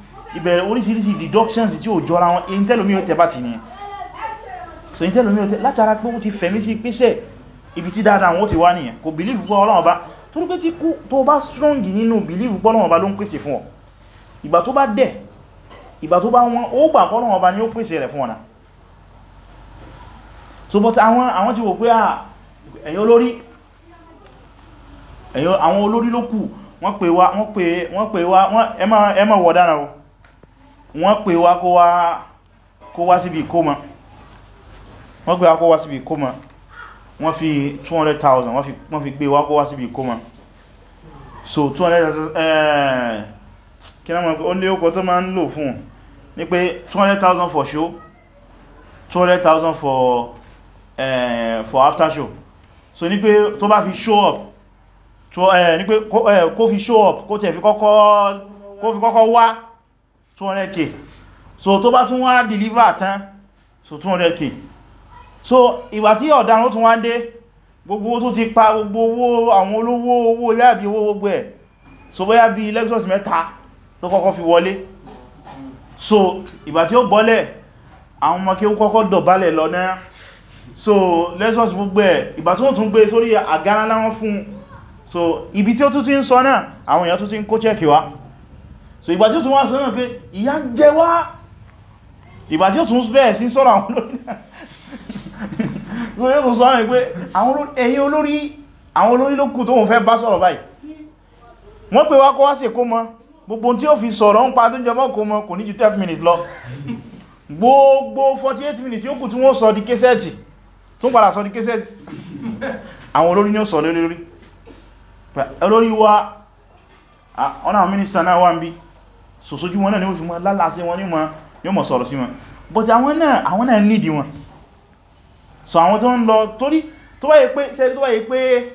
ìbẹ̀rẹ̀ oríṣiríṣi deductions tí ó jọra wọn in tẹ́lómí ó tẹ́bà ti ní so in tẹ́lómí ó tẹ́ látara pé ó ti fẹ̀mí sí pẹ́sẹ̀ ibi tí dáadáa wọn ó ti wá nìyẹn kò believe pọ́ Ọlọ́run bá torí pé tí tó bá strong nínú believe pọ́ Ọlọ́run bá ló ń pèsè fún ọ ìgbà tó bá dẹ̀ ìgbà tó bá wọn ó gbà pọ́ Ọlọ́run bá ní ó pèsè rẹ̀ fún ọ̀nà so but àwọn àwọn ti wò pé ah, ẹ̀yin olórí ẹ̀yin àwọn olórí ló kù wọ́n pè wá wọ́n pè wá ẹ má wọ̀ dára o wọ́n pè wá kó wá síbi ìkómọ wọ́n pè wá kó wá síbi ìkómọ wọ́n fi 200,000 wọ́n fi gbé wá kó wá síbi ìkómọ so 200,000 ẹ̀ẹ́ eh, kí náà mọ̀ ó lé ókọ tó máa ń lò fún ní pé 200,000 for show 200,000 for eh, for after show so ní pé tó bá fi show up tó, eh, ní pé kó eh, fi show up kó tẹ̀ fi kọ́kọ́ wá 200k so tó bá tún wá deliver tán so 200k so ìgbà tí ọ̀daràn tún wá dé gbogbo tó ti pa gbogbo owó àwọn olówó owó ilé àbí owó gbogbo ẹ̀ so bóyá bí lexus mẹ́ta ló kọ́kọ́ fi wọlé so ìgbà tí ó bọ́lẹ̀ àwọn ọmọ kí ó kọ́kọ́ dọ̀bálẹ̀ lọ náà so lexus gbogbo ẹ̀ ìgbà tí wọ́n tún gbé sórí àgánà láwọn fún so ibi tí ó tún ti ń sọ náà àwọn èèyàn tún ti ń kó chẹ́kì wá so ìgbà tí ó tún wá sọ́nà pé ìyà ń jẹ wá ìgbà tí ó tún bẹ́ẹ̀ sí sọ́rọ̀ àwọn olórí so yóò tún sọ́nà pé ẹ̀yin olórí àwọn olórí ló kù tó wọ́n fẹ́ bá sọ̀rọ̀ báyìí wọ́n pè wá kọ́ wá sí kó mọ́ gbogbo tí ó fi sọ̀rọ̀ ń pa tó jẹ mọ́ ọ̀nà àwọn ah, náà wà ń bí so sójú wọn náà ni ó fi mọ́ lálá sí wọn ní ó mọ̀ sọ̀rọ̀ sí wọn but àwọn náà àwọn náà nídi wọn so àwọn tó ń lọ torí tó wáyé pé sẹ́rí tó wáyé pé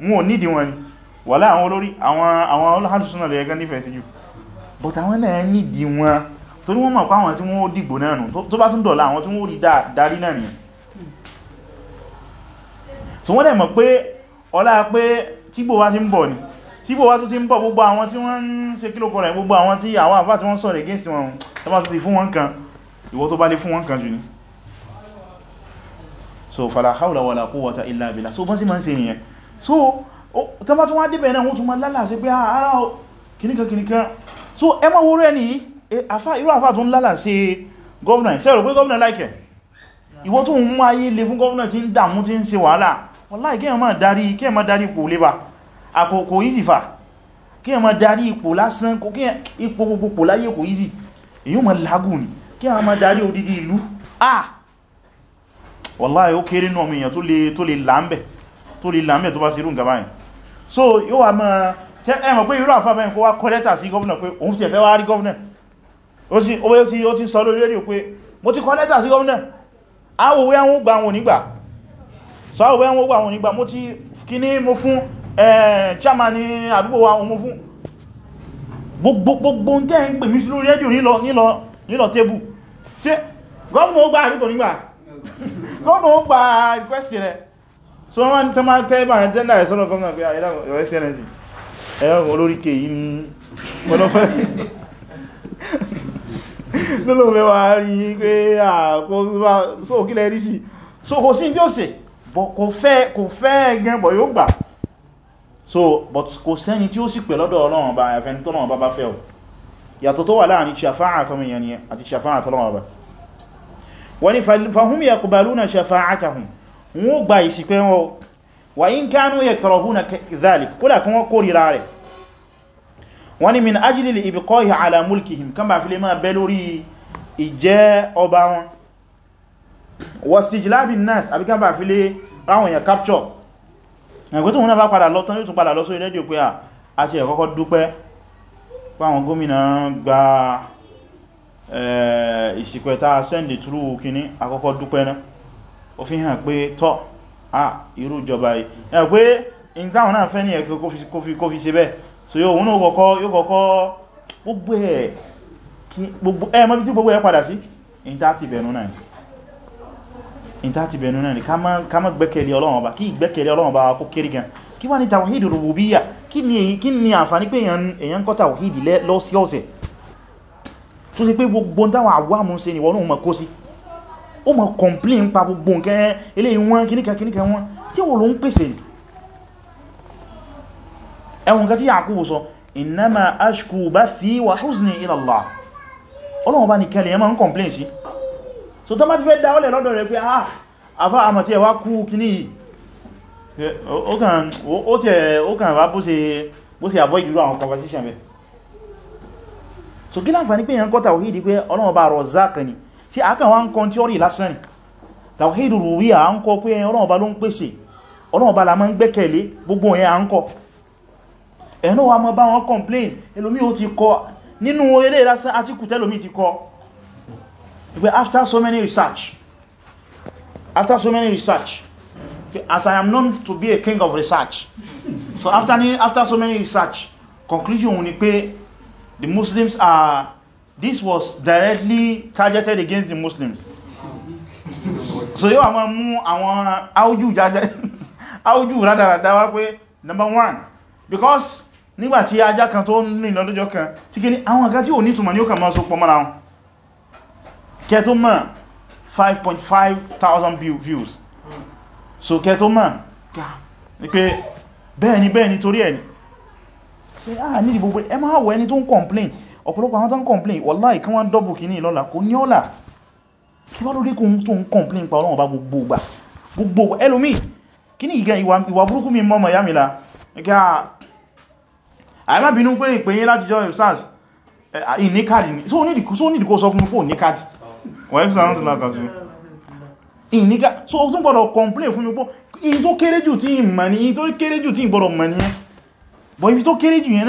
wọn ò nídi wọn ni wà láà àwọn olórí àwọn olóhàdùsúnà lè ẹgán nífẹ̀ẹ́ sí jù but àwọn náà nídi wọn torí wọ́n mọ̀ pé àwọn tí wọ́n ó dìgbò náà nù tó bá tún dọ̀la àwọn tí wọ́n ó rí darí náà nìyàn so wọ́n dẹ̀ mọ̀ pé ọlá pé tígbò wá sí ń bọ̀ ni tí bó wá tó ti ń bọ̀ gbogbo àwọn tí wọ́n ń ṣe kílòkọ̀ rẹ̀ gbogbo àwọn tí àwọn àfáà tí wọ́n sọ̀rọ̀ against wọn tó tó ti fún wọn kan ìwọ tó bá lè fún wọn kan jù ní so fala hawla wala quwwata illa billah so bọ́n sí máa ń ṣe nìyẹn so tó bá tún wá débẹ̀ náà wọ́n tún máa lálà sí ah, so ẹ mọ́ wóró ẹni e, irú àfáà tó ń lálà sí gọ́ọ̀nà ṣẹ́rò pé gọ́ọ̀nà láìkẹ̀ ìwọ tó ń mú ayé le fún gọ́ọ̀nà tí ń dààmú tí àkókò easy fà kí ẹ ma darí ipò lásán kò kí ẹ ipò gbogbo pò láyé kò easy èyí ma lágùn ni kí ẹ ma darí odidi ìlú ah wallahi ó kéré náà mi èèyàn tó lè lámbẹ̀ tó lè lámbẹ̀ tó bá sí irú nǹkan báyìí so yóò wà máa tẹ́ ẹmọ̀ pé irú àfáàbẹ̀ kó wá kọ lẹ́tà sí gọ́ọ̀nà pé òun ti ẹ̀fẹ́ wá rí gọ́ọ̀nà ó ti sọ lórí rédíò pé mo ti kọ lẹ́tà sí gọ́ọ̀nà awòwé àwọn ògbà àwọn onígbà so awòwé àwọn ògbà àwọn onígbà mo ti kíní mo fún Eh, chairman ní àdúgbò wa ọmọ fún gbogbo ń tẹ́ ń pè mí sí lórí rédíò nílọ tébù ṣe gọ́ọ̀nà ó gbà àríkò nígbà gọ́ọ̀nà ó gbà request rẹ̀ so wọ́n tẹ́ máa tẹ́ bá tẹ́lá ẹ̀sọ́nà gọ́ọ̀nà pé ẹ̀rọ ẹ̀sẹ̀rẹ̀sì ẹ̀rọ olórí kèyí ní ọlọ́fẹ́ lọ́lọ́ mẹ́wàá rí pé àkókò ah, sí kò fẹ́ gẹ́gbọ̀ yóò gbà so but kò sẹ́ni tí ó sì pẹ̀ lọ́dọ̀ Ọlọ́run bá ẹ̀fẹ́ni tọ́lọ́run bá bá fẹ́ o yàtọ̀ tó wà láàrin ṣàfáà tọ́mìyàn ni àti ṣàfáà tọ́lọ́run bá wọ́n ni fahum yaqbaluna shafa'atahum wọ́n ó gba ìsìpẹ́ wọn wa in kanu yakrahuna dhalik kódà kí wọ́n kórìíra rẹ̀ wọ́n ni wọn wastijlabi nas àbí kan bá capture ẹgbẹ́ tó wọn náà bá padà lọ tán yóò tún padà lọ sórí rédíò pé a ti ẹ̀kọ́kọ́ dúpẹ́ páwọn gómìnà gba ìsìnkẹta sẹ́ndì túrú kìíní àkọ́kọ́ dúpẹ́ náà ó fi hàn pé tọ́ à irú ìjọba ẹ̀ pé in táwọn náà fẹ́ ní ẹ̀kọ́ kó fi ṣe bẹ́ẹ̀ so yóò wọ́n yóò kọ́kọ́ gbogbo ẹ̀ mọ́bí tí gbogbo ẹ̀ padà sí in tá ti bẹ̀rún náà ìta ti bẹ̀nu náà ni ká má gbẹ́kẹ̀lé Ọlọ́run Ọba kí ìgbẹ́kẹ̀lé Ọlọ́run Ọba kó kéré gan kí wá ní tàwíìdì rububiyya kí ni àǹfàní pé èyàn kọ́ tàwíìdì lọ́síọ̀sẹ̀ tó sì pé gbogbo táwọn àwámú ṣe ni wọ́n mọ̀ kó sí ó mọ̀ complain pa gbogbo nǹkan eléyìí wọn kíníkan kíníkan wọn tí wọ́n ló so tó bá ti fẹ́ dáwọ́lẹ̀ lọ́dọ̀ rẹ̀ pé ah afá àmà tí ẹ wá kú kí ní ó kàn wá bó ṣe avoid irú àwọn conversation bẹ̀ so kí láǹfàní pé yẹn kọ́ tàwíìdì pé Ọlọ́run bá Razzaq ni tí a kàn wá ń kọ́ tí ó rí la máa ń gbẹ́kẹ̀lé gbogbo yẹn à ń kọ́ ẹ̀nà wa mọ́ bá wọn complain ẹlòmí ó ti kọ́ pé after so many research after so many research as I am known to be a king of research so after, after so many research conclusion wọ́n ní the Muslims are this was directly targeted against the Muslims so yóò àwọn mú àwọn áójú jájẹ́ áójú rádaràdá wá pé number one because nígbàtí ajá kan tó ń rìn lọ́dọ́jọ́ kan tí kí ní àwọn àgá tí ò ní túnmà ní ó kàn máa so pọ̀ mọ́ra wọn kẹtó mọ̀ thousand views so kẹtó mọ̀ ní pé bẹ́ẹ̀ni bẹ́ẹ̀ni torí ẹni ṣe a ní ìdìbò pé ẹ máa wọ ẹni tó ń complain ọ̀pọ̀lọpọ̀ àwọn tó ń complain wàláhì kí wọ́n dọ́bù kì ní ìlọ́la kò ní ọ̀la kí wá lórí kún tó ń complain pa ọlọ́wọ́ bá gbogbo gbà gbogbo ẹlòmí kí ní ìgá ìwà burúkú mi mọ́ mayamila àìmá bínú pé ìpéyín láti jọ so ní ìdíkó sọ fún mi pò níkàdì wọ́n fíṣà rántù lákàtù ìníká so o tún complain fún mi pọ́ in tó kéré jù tí ìmọ̀ ní in tó kéré jù tí ìgbọ́dọ̀ mọ̀ ní bọ̀ ibi tó kéré jù yẹn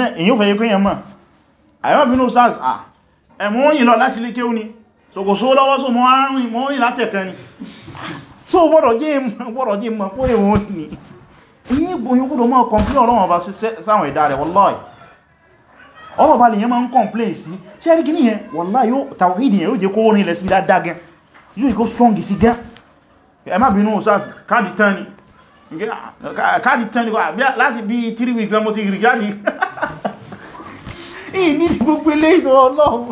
náà ni so kò sówó lọ́wọ́ so mọ́ arìnrìn mọ́ òyìn látẹ̀kẹ́ ni so gbọ́dọ̀ jẹ́ mọ̀ pé èwọ̀n ni ìyí gbòyìn gbọ́dọ̀ mọ́ complain ọlọ́wọ́n bá sáwọn ẹ̀dá rẹ̀ wallahi ọ̀rọ̀ bá lè yẹn máa ń complain sí ṣe rí kìíní yẹn wallahi yóò tawhid yẹn yóò jẹ́ kó rìn lẹ̀ sí dáadáa gan yóò kó strong sí gan ẹ má bínú sars káàdì tán ni káàdì tán ni láti bí 3 weeks náà mo ti rí jáde ìní gbogbo ilé ìdọ̀ ọlọ́run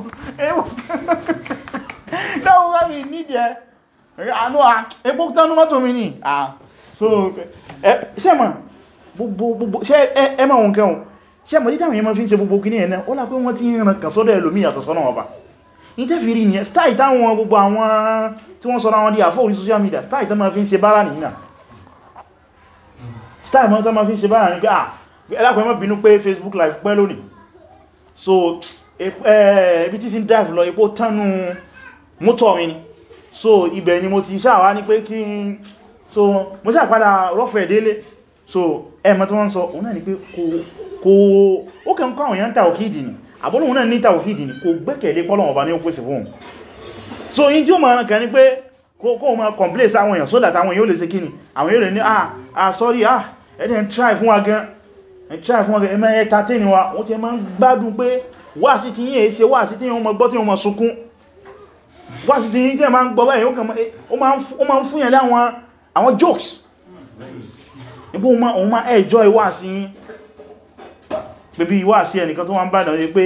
dáwọn rámi nídìí ẹ àánú à epo tánú mọ́tò mi ní à so ṣẹ́mọ̀ gbogbo ṣẹ́ ẹmọ̀ òun kẹun se ṣe mọ̀ dítàmì yẹmọ́ fi ń ṣe gbogbo kí ní ẹ̀nà ó lápé wọ́n ti ń ràn kà sọ́dọ̀ ẹlòmí yàtọ̀ sọ́nà ọba ní tẹ́fì rí ní stáì táwọn gbogbo àwọn tí wọ́n sọ́ra wọn di àfọ́ orí social media stáì tán ma fi ń ṣe bára nìyàn stáì tán ma fi ń ṣe bára ní pé à ẹlápẹ́ mọ́ bínú pé Facebook live pẹ́ lónìí so ibi tí sí ń dive lọ epo tánu mọ́tọ̀ mi ni so ibẹ̀ ni mo ti ṣàwá ní pé kí so mo ṣàpadà rọ́fẹ̀ẹ́ délé so ẹ̀mọ́ tí wọ́n sọ òun náà ni pé kò kò ó kàn kọ́ àwọn èèyàn tàwọ̀kídì ni àbọ́lùn náà ní tàwọ̀kídì ni kò gbẹ́kẹ̀lé pọ́lọ̀wọ̀ bá ní ó pèsè fún so yí tí ó ma kàn ní pé kó ma complain sáwọn so that àwọn èèyàn lè ṣe kíni àwọn èèyàn lè ní ah ah sorry ah ẹ̀dẹ̀ try fún wa gan try fún wa gan ẹmẹ́ entertain wa wọ́n ti ma ń gbádùn pé wà sí ti yín èé ṣe wà sí ti yín ọmọ gbọ́ tí wọ́n ma sunkún wà sí ti yín tẹ́ ma ń gbọ́ báyìí ó ma ń fún yẹn láwọn jokes ìbú òun ma enjoy wà sí yín pé bí ìwà sí ẹnìkan tó wọ́n bá dàn ní pé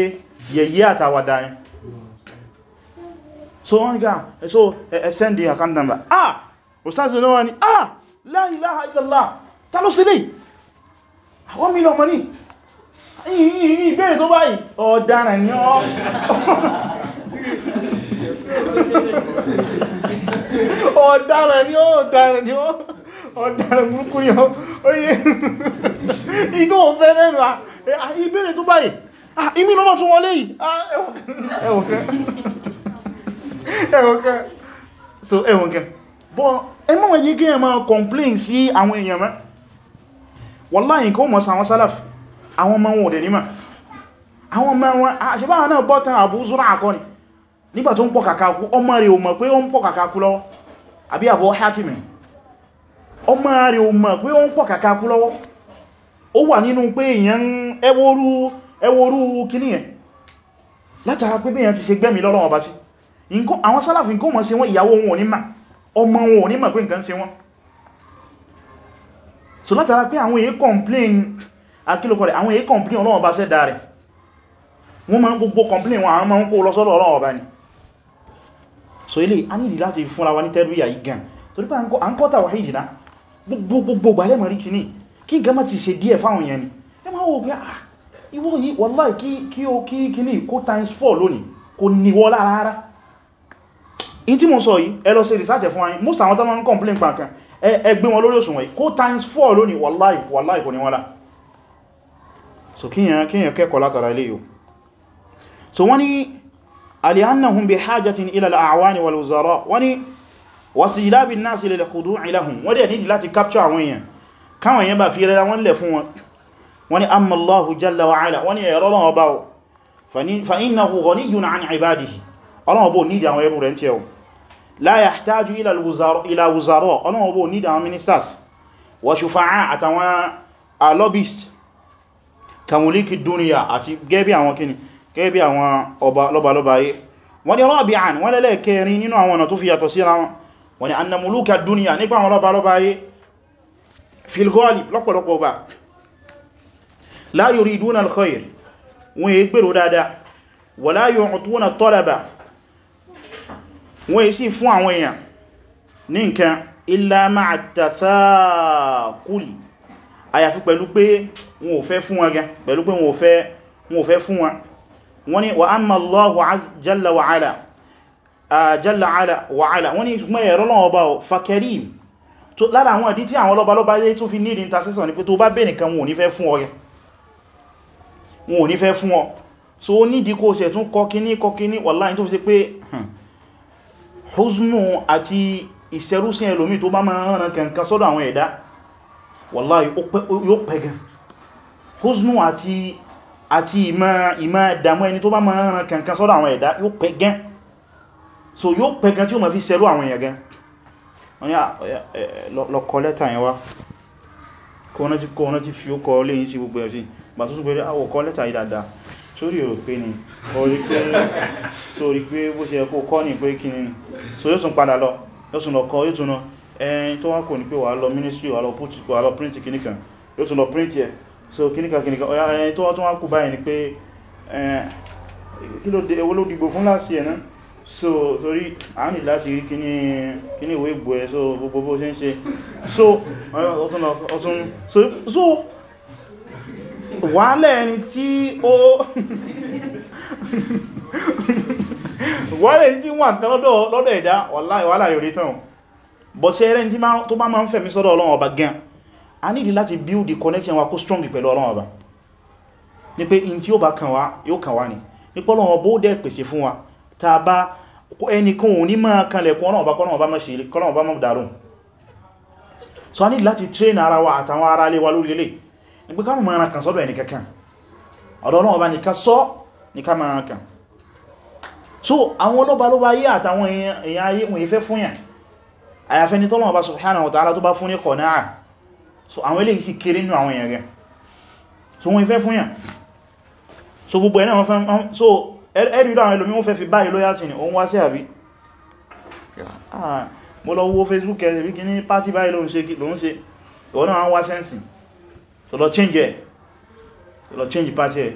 yẹ̀yẹ́ àtàwàdà yẹn so wọ́n gá ẹ̀sọ́ ẹ̀sẹ́ndì account number ah òsáàsì náà wọ́n ni ah la ilaha illallah ta ló sílẹ̀ àwọn mílọ̀ mọ́ ní ìbẹ̀rẹ̀ tó báyìí ọ̀daràn ni ọ́ ọ̀daràn ni ọ́ ọ̀daràn ni ọ́ ọ̀daràn burúkú ni ọ oye ìtò òfẹ́ lẹ́nu à ìbéèrè tó báyìí ìmí lọ́mọ́ tún wọlé yìí ẹwọ̀kẹ́ so ẹwọ̀kẹ́ bọ́ ẹmọ́ yìí kí ẹ máa complain sí àwọn èèyàn mẹ́ wallahi kó mọ̀ sí àwọn sálàf àwọn ọmọ wọn òdẹ̀ níma àwọn ọmọ wọn àṣẹ́báwọn náà bọ́ta àbúzúrà àkọ́ni nígbà tó ń pọ̀ kàkàkú ọmọ rẹ̀ ò mọ̀ pé ó ń pọ̀ kàkàkú lọ́wọ́ àbí àbọ̀ hátìmẹ̀ ọmọ rẹ̀ o mọ̀ pé ó ń pọ̀ kàkàkú lọ́wọ́ ó wà nínú pé èyàn ẹwọ́rú kìníyàn látara pé bí èyàn ti ṣe gbẹ́mì lọ́rọ̀ ọba sí àwọn sálàfin kó mọ̀ sí wọ́n ìyàwó wọn ò ní mà pé nǹkan ṣe wọ́n so látara pé àwọn èyí complain akílòkọ rẹ̀ àwọn èyí complain ọlọ́wọ́ ọba sẹ́dà rẹ̀ wọ́n complain wọn àwọn máa ń kó lọ so ilé a nílì láti fúnra wa ní tẹ́lú ìyà yìí gan torípé à gbogbo gbà lẹ́mọ̀ rí kìíní kí n gama ti ṣe díẹ̀ fáwọn èèyàn ni ẹ máa wò pé ah ìwọ yìí wallahi kí o kí kìíní kó times 4 lónìí kò níwọ́ lára rárá in tí mo sọ yìí ẹ lọ ṣe research fún ayin most àwọn tánwà ń complain pa kan ẹ gbé wọn lórí òṣùwọ̀n yìí kó times 4 lónìí wallahi wasilabi nasi lil khudu'i lahum wọ́n dẹ̀ nídi láti capture àwọn èèyàn káwọn èèyàn bá fi rẹra wọ́n lẹ̀ fún wọn wọ́n ni amma Allahu jalla wa ala wọ́n ni ẹ̀rọ lọ́wọ́ bá o fa innahu ghaniyyun 'an wọ́n ni rabi'an wọ́n lẹ́lẹ́kẹrin nínú àwọn ọ̀nà tó fi yàtọ̀ síra wọn wọ́n ni anna muluka duniya nípa àwọn lọ́ba lọ́ba ayé fil ghalib lọ́pọ̀lọpọ̀ bá la yuriduna al-khayr wọ́n yí gbèrò dáadáa wa la yu'tuna at-talaba wọ́n yí sí fún àwọn èèyàn ní nǹkan illa ma'a at Ah, jalla ala wa ala wọ́n ní ṣùgbọ́n ẹ̀rọ lọ́wọ́ bá ọ fakarim tó lára àwọn àdí tí àwọn ọlọ́ba lọ́ba lé tó fi ní ìdí intercessor ni pé tó bá bẹ̀rẹ̀ kan wọn ò ní fẹ́ fún ọ yẹ wọn ò ní fẹ́ fún ọ so ó nídi kó ṣẹ̀ tún kọkíní kọkíní wallahi tó fi ṣe pé hmm. huznu àti ìṣẹ́rúsí ẹlòmí tó bá máa so yóò pẹ́ gan tí ó ma fi sẹ́rú àwọn èèyàn gan wọ́n ni lọ́kọ lẹ́tà yẹn wá kọ́nà ti fi ó kọ́ lẹ́yìn sí gbogbo ẹ̀sìn bà tó súnbẹ̀rẹ̀ àwọ̀ kọ́ lẹ́tà yìí dáadáa sórí èrò pé ni orí pé bó ṣe kó kọ́ ní pé kí ni so yóò tún padà lọ yóò tún lọ kọ́ yóò tún lọ ẹni tó wá kò ní pé wà lọ ministry wà lọ print kìníkan yóò tún lọ print yẹ so kìníkan kìníkan ọ̀yá ẹni tó wá tún wá kù báyìí ni pé kí ló dé ewó ló dìgbò fún láti ẹ̀ náà so torí a ní láti rí kíní ìwé ìgbò ẹ̀ so gbogbo bó ṣe ń ṣe so ọ̀tún so wàhálẹ̀ ẹni tí ó wàhálẹ̀ ẹni tí wà lọ́dọ̀ ẹ̀dá wàhálà yóò rí tán bọ̀ sí ẹrẹ́ tó bá máa ń fẹ̀mí sọ́dọ̀ Ọlọ́run ọba gan a nílì láti build the connection wa kó strong pẹ̀lú Ọlọ́run ọba ní pé in tí ó bá kàn wá yóò kàn wá ní nípọ́lọ́wọ́ bó dẹ̀ pèsè fún wa ta bá ẹnìkan òní máa kanlẹ̀ kọ́ náà bá kọ́ náà bá mọ́ ṣe kọ́ náà bá mọ́ dàrún so a ní láti train ara wa àtàwọn ará lé wa lórí ilé ní pé káàmù mara kan sọ́dọ̀ ẹni kankan ọ̀dọ̀ náà ọba nìkan sọ ní ká mara kan so àwọn ọlọ́ba ló bá yí àtàwọn èèyàn ayé wọ́n ẹ̀rí ìlú àwọn ẹlòmí wọ́n fẹ́ fi báyìí lóyàtì ní òun wá sí àbí ah, mo lọ wo Facebook ẹ̀rí kí ní pàtí báyìí lóun ṣe lóun ṣe ìwọ̀n náà wá sẹ́nsì tó lọ change ẹ̀ tó lọ change pàtí ẹ̀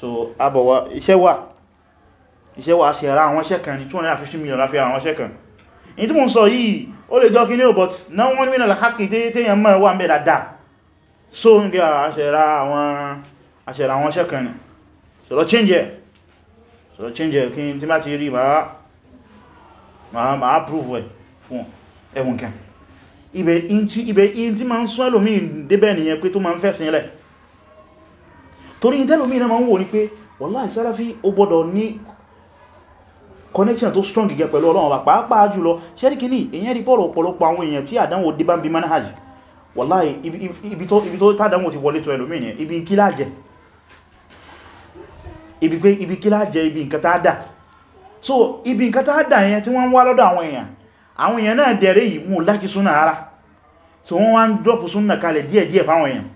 so abọ̀wà iṣẹ́ wà iṣẹ́ wà ṣe ara àwọn iṣẹ́ kan ní 250 million láfíà àwọn iṣẹ́ kan in tí mo ń sọ yìí ó lè jọ kí ní ò but náà wọ́n mìíràn láhàkì téèyàn mọ́ wà ń bẹ̀ dáadáa so ń gẹ́ àṣẹ̀ra àwọn iṣẹ́ kan ní so lọ change ẹ̀ so change kí n tí má ti rí ma approve ẹ̀ fún ẹwùn kan ibẹ̀ in tí ma ń sún ẹlòmí débẹ̀ nìyẹn pé tó ma ń fẹ́sìn ilẹ̀ torí ìtẹ́lòmí náà ma ń wò ní pé wallahi Salafi ó gbọ́dọ̀ ní connection tó strong gẹ pẹ̀lú Ọlọ́run wa pàápàá jùlọ ṣẹ́ríkì ní èyàn rí bọ́rọ̀ ọ̀pọ̀lọpọ̀ àwọn èèyàn tí àdánwò dé bá ń bí manhaj wallahi ibi tó tádánwò ti wọlé tó ẹlòmí nìyẹn ibi kíláàjẹ́ ibi pé ibi kí láàjẹ ibi nǹkan tá dà so ibi nǹkan tá dà yẹn tí wọ́n ń wá lọ́dọ̀ àwọn èèyàn àwọn èèyàn náà dẹ̀rẹ́ yìí mú láti súnà ara so wọ́n wá ń dọ́pù súnà kalẹ̀ díẹ̀díẹ̀ fáwọn èèyàn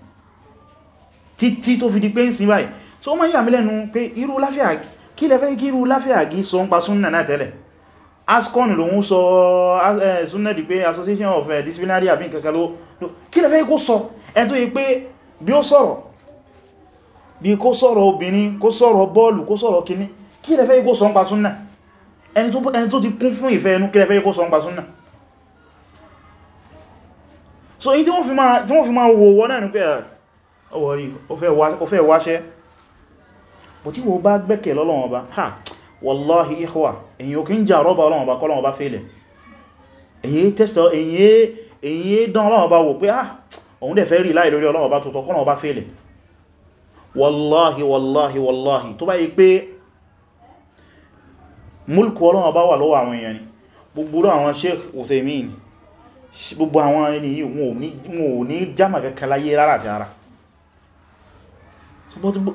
títí tó fi di pé ń sin báyìí so wọ́n yà mí lẹ́nu pé irú láfíà kí lẹ́fẹ́ kí irú láfíà gí sọ ń pa eh, association of eh, disciplinary àbí nǹkan kan ló kí lẹ́fẹ́ kó bí kó sọ̀rọ̀ obìnrin kó sọ̀rọ̀ bọ́ọ̀lù kó sọ̀rọ̀ kíní kí lẹ fẹ́ kó sọ ń pa súnnà ẹni tó ti kún fún ìfẹ́ ẹnu kí lẹ fẹ́ kó sọ ń pa súnnà so yí tí wọ́n fi máa wo wọ́n náà ní pé ah, ọwọ́rí o fẹ́ wáṣẹ́ ha wallahi ikhwa èyí ò kí ń jà rọ́bà ọlọ́wọ́n bá kọ́lọ́wọ́n bá fẹ́lẹ̀ èyí tẹ́sítọ̀ èyí dán ọlọ́wọ́n bá wò pé ah òun dẹ̀ fẹ́ rí láì lórí ọlọ́wọ́n bá tó tọ́kọ́lọ́wọ́n bá wallahi wallahi wallahi tó bá yí pé múlùkù ọlọ́wọ́ bá wà lọ́wọ́ àwọn èèyàn ni gbogbo àwọn Sheikh Uthaymin gbogbo àwọn ẹni yìí wọn ò ní jámà kẹkẹ láyé rárá àti ara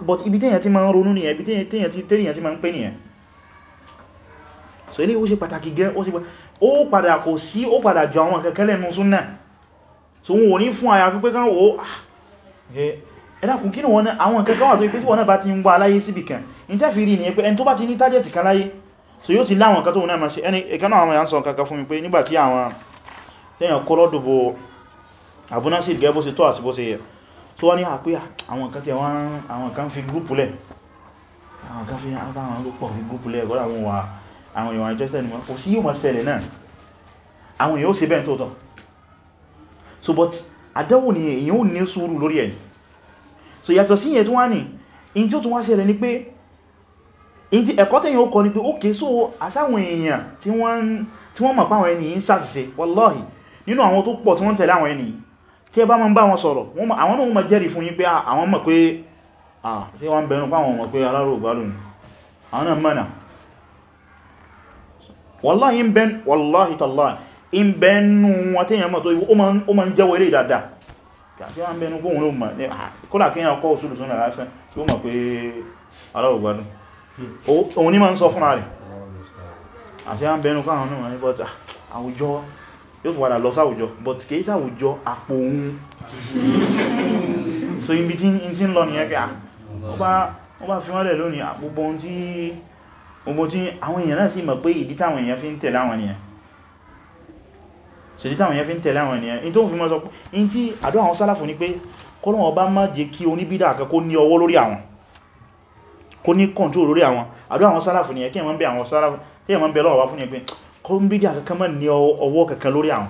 but ibi tẹ́yàn ti ma ń ronú nìyàn ibi tẹ́yàn ti tẹ́yàn ti ma ń pè nìyàn so ilé ó ṣe pàtàkì gẹ́ ó ṣe pàtàkì ó padà kò sí ó padà jọ àwọn kẹkẹ so wọn ò ní fún àyàfi ẹ̀dàkùn kí ní wọn àwọn nǹkan kan wà tó ipé tí wọn náà bá ti ń wá aláyé síbì kan in tẹ́ fi rí ní pé ẹni tó bá ti ní tájẹ̀tì kan láyé so yóò ti láwọn nǹkan tó wọn náà ma ṣe ẹni ìkan náà àwọn ya ń sọ kankan fún mi pé nígbàtí àwọn tẹ́yàn kọ́ lọ́dọ̀bọ̀ abúnásìl gẹ́bó ṣe tọ́ àti bó ṣe interested ni wọ́n kò sí yóò so but àdẹ́wò ni èèyàn ò ní sùúrù lórí so yàtọ̀ sí yẹn tún wá ní in tí ó tún wá ṣẹlẹ̀ ni pé ẹ̀kọ́ tẹ́yìn ó kọ ni pé ókè so asáwọn èèyàn tí wọ́n mọ̀ ẹni yìí ń ṣàṣìṣe nínú àwọn tó pọ̀ tí wọ́n tẹ̀lé àwọn ẹni tí ẹ bá máa bá wọn sọ̀rọ̀ àwọn náà mọ̀ jẹ́rìí fún yín pé ah, àwọn mọ̀ pé tí wọ́n bẹnu gbóhun ló mọ̀ ní kódà kí ẹ̀kọ́ òsùlù súnà lásán tí ó mọ̀ pé aláwògbádùn hmm. òun ní ma ń sọ fúnra rẹ̀ àti wọ́n bẹnu káwọn náà ní bọ́ta àwùjọ yóò tó wàdà lọ sáwùjọ but kìí sáwùjọ àpò ohun so ibi tí n tí ń lọ ní ẹgbẹ́ wọ́n bá fi wọ́n lẹ̀ lónìí àpò ohun tí àwọn èèyàn ṣèdí táwọn yẹn fi ń tẹ̀lé àwọn ènìyàn in tó fi mọ́ sọ pé in tí àdó àwọn sálàfù ní pé kọ́lọ̀wọ̀n bá má jẹ́ kí oníbídà kan kó ní ọwọ́ lórí àwọn kó ní kọ̀ntó lórí àwọn àdó àwọn sálàfù ní ẹkẹ́ mọ́n bẹ àwọn sálàfù tí ẹ̀mọ́n bẹ lọ́wọ́ fún ní pé kọ́nbídà kankan mọ́ ní ọwọ́ kankan lórí àwọn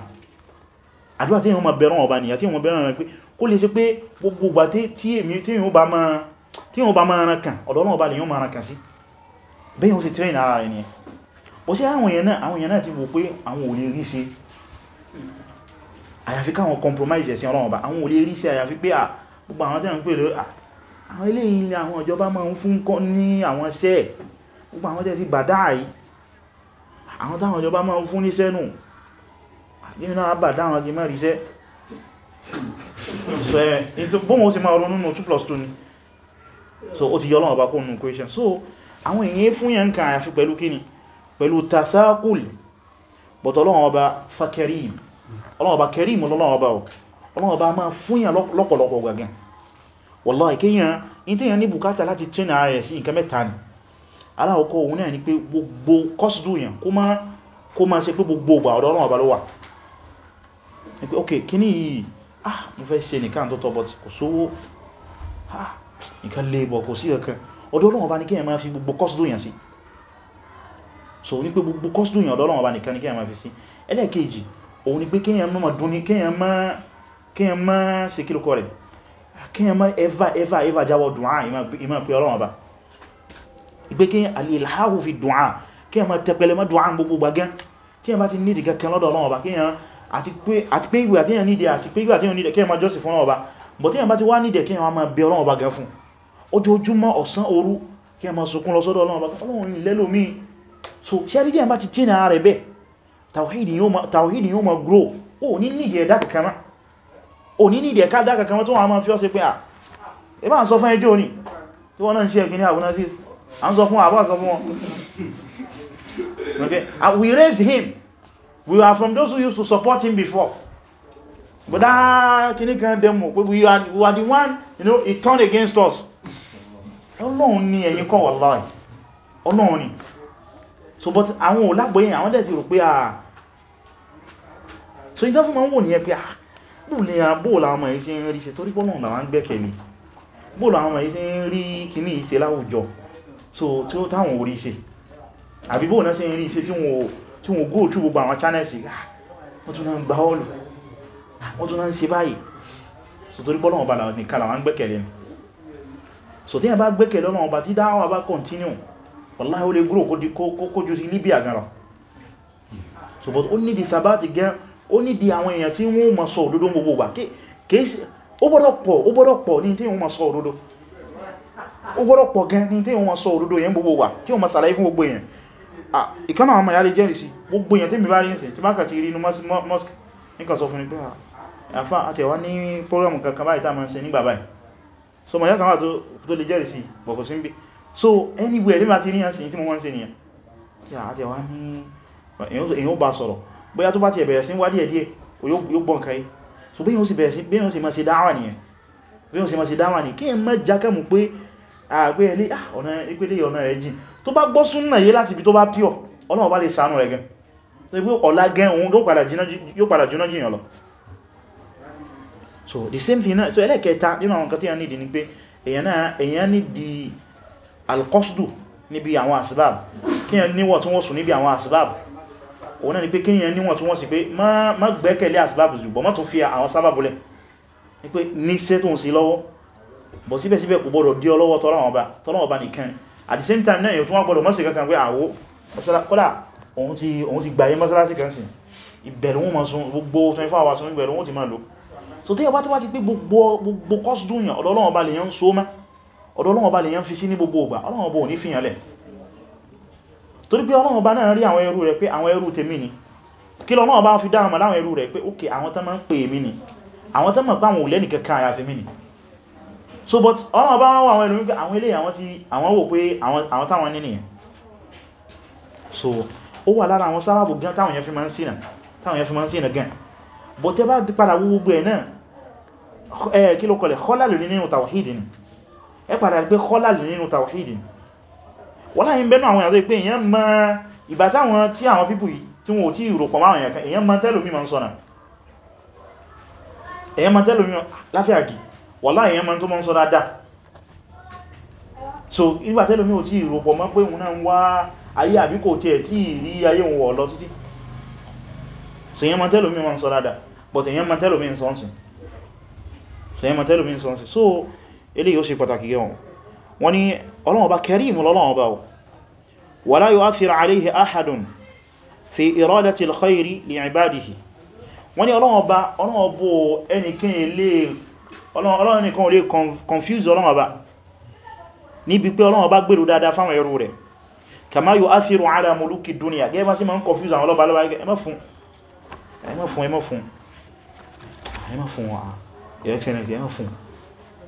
àdúrà tí ìhun bẹ̀rán ọba nìyà tí ìhun bẹ̀rán rẹ̀ pé kó lè ṣe àyàfi káwọn compromise ẹ̀sìn ọlọ́run ọba àwọn ò lè rí sí àyàfi pé à gbogbo àwọn tẹ́ ń pè lórí àwọn eléyìí ni àwọn ìjọba máa ń fún kọ́ ní àwọn iṣẹ́ gbogbo àwọn tẹ́ ti bàdáà àwọn táwọn ìjọba máa ń fún ní sẹ́nu nínú náà bàdá mẹ́rin iṣẹ́ so ẹ̀ bóhùn ó sì máa so ó ti yọ lọ́wọ́ bá so àwọn èyí fún yẹn kan àyàfi pẹ̀lú kíni pẹ̀lú tasakul bọ̀tọ̀lọ́wọ́ ọlọ́wọ́ bá kẹrí ìmú lọ́wọ́ bá ọlọ́wọ́ bá máa fúnyàn lọ́pọ̀lọpọ̀ gàgán wallahi ìkéyàn in tí yàn ní bùkátà láti tún ara rẹ̀ sí nǹkan mẹ́ta ni aláwọ̀kọ́ òun náà ni pé gbogbo kọ́sùdù yàn kó máa ṣe pé gbogbo ọgbà ọ̀dọ̀ ọlọ́wọ́ bá ló wà ní pé ok kí ní yìí ah mo fẹ́ ṣe nìkan tó tọ́bọ̀ tí kò sówó ah nìkan lè bọ̀ kò sí ọ̀kan ọ̀dọ̀ ọlọ́wọ́ bá ní kíyàn òun ni pé kíyàn mọ́ dún ní kíyàn mọ́ sí kílùkọ́ rẹ̀ kíyàn mọ́ ẹva ẹva ẹva jáwọ́ dùnà ìmọ̀ pé ọlọ́wọ́n bá ìgbé kíyàn alìláhù fi dùnà kíyàn mọ́ tẹpẹlẹ mọ́ dùnà gbogbo gbagán tíyàn bá ti nídì kankan lọ́dọ̀ ọlọ́wọ́n bá kíyàn àti pé ìgbà tíyàn nídì àti pé ìgbà tíyàn nídì kíyàn mọ́ jọ́sì fún ọlọ́wọ́n bá bọ̀ tíyàn bá ti wá nídì kíyàn mọ́ bẹ ọlọ́wọ́n bá gan fún ojoojúmọ́ ọ̀sán òru kíyàn mọ́ tàwíìdì yóò ma grow o ní nídìí ẹ̀dá kankaná o ní nídìí ẹ̀ká dáka kankan tó wọ́n a máa fi ọ́ pé à ẹbá ń sọ fún ẹjọ́ ní tí wọ́n náà ń ṣe ẹ̀kì ní àwúná we raise him we are from those who used to support him before but that kìní kan demo we are, the one you know he turned against us ọlọ́run ni ẹ̀yin kọ́ wà ọlọ́run ni so but àwọn olágbóyìn àwọn dẹ̀ rò pé àà ah. so ìjọ́ fún ma ń wò ní ẹ pé àà ah, bóòlù ah, àwọn ọmọ ń rí ṣe torí pọ́nà làwọn gbẹ́kẹ̀ ní bóòlù àwọn ọmọ ń rí kìíní ìṣe láwùjọ so tí ó bá gbẹ́kẹ̀ lọ́nà ọba tí dáwà bá continue wallahi ó lè gúrò kójú sí Libya gan lọ so but ó nídi sabati gan ó nídi àwọn èèyàn tí wọ́n mọ̀ sọ òdodo gbogbo wà kéèsì ó gbọ́dọ̀ pọ̀ ó gbọ́dọ̀ pọ̀ ní tí wọ́n mọ̀ sọ òdodo ó gbọ́dọ̀ pọ̀ gan ní tí wọ́n mọ̀ sọ òdodo yẹn gbogbo wà tí wọ́n mọ̀ sàlàyé fún gbogbo èèyàn ìkánà àwọn ìyá lè jẹ́rì sí gbogbo èèyàn tí mi bá rí ń sìn tí mákàtí rí inú mosque nǹkan sọ fún ah, ní pé àfá àtẹ̀wá ní prógrámù kankan báyìí tá máa ń ṣe ní bàbáyìí so mọ̀ yá kan wà tó lè jẹ́rì sí bọ̀kọ̀ sí ń bí so anywhere lẹ́bàá ti ríyàn sí tí mo wọ́n ṣe nìyàn tí a àti ẹ̀wà ní èyàn ó bá sọ̀rọ̀ bóyá tó bá ti ẹ̀bẹ̀rẹ̀ sí wá díẹ̀ díẹ̀ yóò gbọ́n káyí so bí yóò sì bẹ̀rẹ̀ sí bí yóò sì máa ṣe dáwà nìyàn bí yóò sì máa ṣe dáwà nìyàn kí ẹ má jákẹ́mù pé àgbé ẹlé ọ̀nà ìpele ọ̀nà rẹ̀ jìn tó bá gbọ́ súnnà yé láti ibi tó bá pure Ọlọ́run bá lè ṣàánú rẹ̀ gan tó gbé ọ̀lá gan òun yóò padà jùnà jìyàn lọ so the same thing náà so ẹlẹ́kẹta nínú àwọn nǹkan tí a nídi ni pé èyàn náà èyàn nídi alkọ́sùdù níbi àwọn asbab kíyàn níwọ̀n tí wọ́n sùn níbi àwọn asbab òun náà ni pé kíyàn níwọ̀n tí wọ́n sì pé má gbẹ́kẹ̀lé asbab ṣùgbọ́n má tó fi àwọn sábàbù lẹ̀ ní pé ní sẹ́ tó ń sí lọ́wọ́ bọ̀ síbẹ̀síbẹ̀ kò gbọ́dọ̀ dí ọlọ́wọ́ tọ́lọ́wọ́ bá nìkan at the same time náà èyàn tó wọ́n gbọ́dọ̀ mọ́sí kankan pé àwọ́ kọ́lá òun ti gbàyé mọ́sálásí kan sí ìbẹ̀rù wọn sun gbogbo 24 hours ìbẹ̀rù wọn ti máa lò so tí ọba tó bá ti pé gbogbo kọ́sùdúnyàn ọlọ́wọ́ bá lè yàn ń so máa ọ̀dọ̀ Ọlọ́run Ọba lèyàn fi sí ní gbogbo ọgbà Ọlọ́run Ọba ní fìyàn torí pé Ọlọ́run Ọba náà rí àwọn ẹrú rẹ̀ pé àwọn ẹrú tèmi ni kí Ọlọ́run Ọba fi dáhùn láwọn ẹrú rẹ̀ pé ókè àwọn tán ń pè mí ni àwọn tán mọ̀ àwọn ò lẹ́nì kankan àyàfi mí ni so but Ọlọ́run Ọba wọ́n àwọn ẹrú wípé àwọn ilé àwọn tí àwọn wò pé àwọn táwọn ní nìyẹn so ó wà àwọn sábàbù ẹ̀ ẹ padà pé kọ́lálì nínú tàwàhídì wọ́n láyé ń bẹ́nu àwọn èèyàn pé èèyàn mọ́ ìgbà táwọn tí àwọn pípù yìí tí wọ́n tí ìrọ̀pọ̀ máa èèyàn kan èèyàn mọ́ tẹ́lòmí ma ń sọ́nà èèyàn mọ́ tẹ́lòmí láfíà gì wọ́n láyé èèyàn mọ́ tó mọ́ ń sọ dáadáa so ìgbà tẹ́lòmí ò tí ìrọ̀pọ̀ mọ́ pé òun náà ń wá ayé àbí kò tiẹ̀ tí rí ayé òun wọ̀ lọ títí so èèyàn mọ́ tẹ́lòmí ma ń sọ dáadáa but èèyàn mọ́ tẹ́lòmí ń sọ́nsìn so eléyìí ó ṣe pàtàkì gan wọ́n ní Ọlọ́run Ọba Karim l'Ọlọ́run Ọba o wala yu'athiru alayhi ahadun fi iradati al-khayri li'ibadihi wọ́n ní Ọlọ́run Ọba Ọlọ́run Ọba ẹnìkan ò lè confuse Ọlọ́run Ọba níbi pé Ọlọ́run Ọba gbèrò dáadáa fáwọn ẹrú rẹ̀ kama yu'athiru ala muluki dunya gẹ́gẹ́ bá sí ma ń confuse àwọn ọlọ́ba lọ́ba ẹmọ́ fún ẹmọ́ fún ẹmọ́ fún ẹmọ́ fún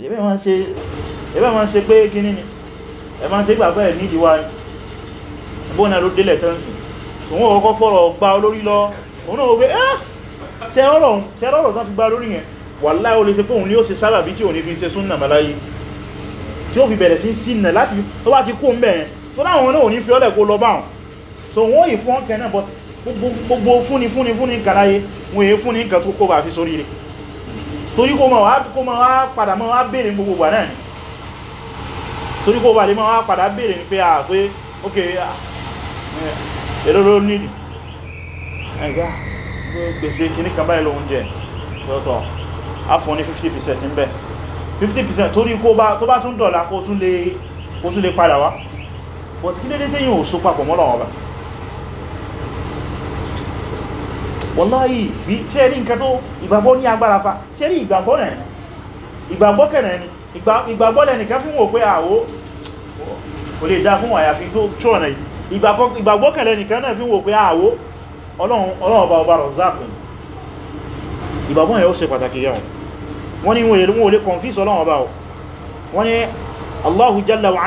ẹ̀bẹ̀ ma ń ṣe pé kí ní ẹ ma ń ṣe gbàgbà ẹ̀ nídìí wá bọ́nà ló délẹ̀ tẹ́ǹsì òun ọkọ́ fọ́rọ̀ gba olórí lọ òun náà wọ́pẹ́ ah! ṣẹ́rọ̀rọ̀ tán fi gba olórí yẹn wàláhí ó lè ṣe pòun ní ó ṣe sábàbí tí ò ní fi ṣe súnnà màláyé tí ó fi bẹ̀rẹ̀ sí sínà láti tó bá ti kó ń bẹ̀rẹ̀ tó láwọn náà ò ní fi ọlẹ̀ kó lọ báhùn so wọ́n yìí fún ọkẹ̀ náà but gbogbo fúnni fúnni fúnni kàláyé wọ́n yìí fúnni nǹkan tó kó bá fi sórí rẹ̀ torí kó ma wá padà ma wá bèèrè gbogbo wà náà ni torí kó bà lè ma wá padà bèèrè ní pé à ah, pé ok ah, eh, èrò ló nìdì ẹgbà gbèsè kìní kàbá ìlò oúnjẹ lọ́tọ̀ afọ́ ní 50% ń bẹ̀ 50% torí tó bá tún dọ̀lá kó tún lè padà wá but kí dédé tí wọláyì bí ṣe rí nǹkan tó ìgbàgbọ́ ní agbára fa ṣe rí ìgbàgbọ́ rẹ̀ ìgbàgbọ́ kẹ̀rẹ̀ ni ìgbàgbọ́ lẹ̀ nìkan fún wò pé àwó kò lè dá fún àyàfi tó ṣọ́nà ìgbàgbọ́ kẹ̀rẹ̀ nìkan náà fi wò pé àwó ọlọ́run ọba ọba rọ̀záàkùn ìgbàgbọ́ yẹn ó ṣe pàtàkì yẹun wọ́n ni wọ́n lè confess ọlọ́run ọba wọ́n ni Allahu jalla wa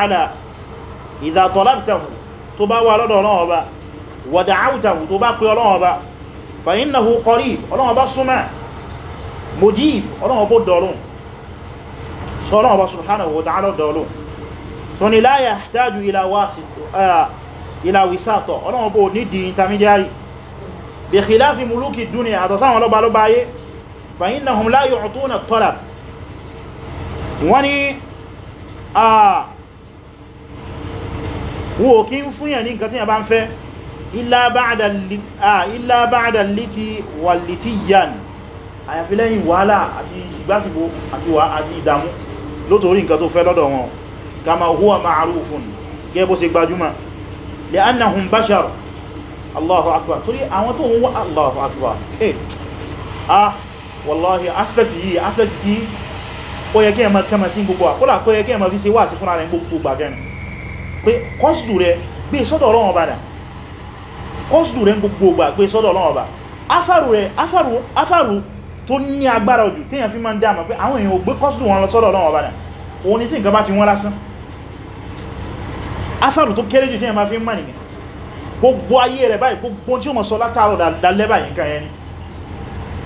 fa innahu qarib ọlọ́wọ́ bá súnmọ́ mojib ọlọ́wọ́ bó dọ̀lùn so ọlọ́wọ́ bá subhanahu wa ta'ala dọ̀lùn so ni la yahtaju ila wisato ọlọ́wọ́ bó ní di intermediary bi khilafi muluki dunya àtọ̀sáwọn ọlọ́ba ló báyé fa innahum la yu'tuna at-talab wọ́n ni a ah, illa ba'da liti wal litiyan àyàfi lẹ́yìn wàhálà àti ìgbàsìgbò àti ìdàmú lótorí nǹkan tó fẹ́ lọ́dọ̀ wọn kama huwa ma'arufun gẹ́ bó ṣe gbajúmọ̀ li'annahum bashar allahu akbar torí àwọn tó ń wá allahu akbar eh ah wallahi aspect yìí aspect tí ó yẹ kí ẹ ma kẹma sí gbogbo àkọ́lá kó yẹ kí ẹ ma fi ṣe wà sí fúnra rẹ̀ gbogbo gbàgẹ́nu pé kọ́sùdù rẹ̀ gbé sọ́dọ̀ ọlọ́run ọba dà kọ́sùdù rẹ̀ gbogbo ògbà pé sọ́dọ̀ Ọlọ́run Ọba afárù rẹ̀ afárù afárù tó ní agbára ojú téèyàn fi máa ń dáàmà pé àwọn èèyàn ò gbé kọ́sùdù wọn lọ sọ́dọ̀ Ọlọ́run Ọba náà òun ni tí nǹkan bá ti wọ́n lásán afárù tó kéré jù téèyàn máa fi ń mọ̀ nìyẹn gbogbo ayé rẹ̀ báyìí gbogbo tí ó mọ̀ sọ látàrọ̀ dalẹ́bà yìí kan ẹni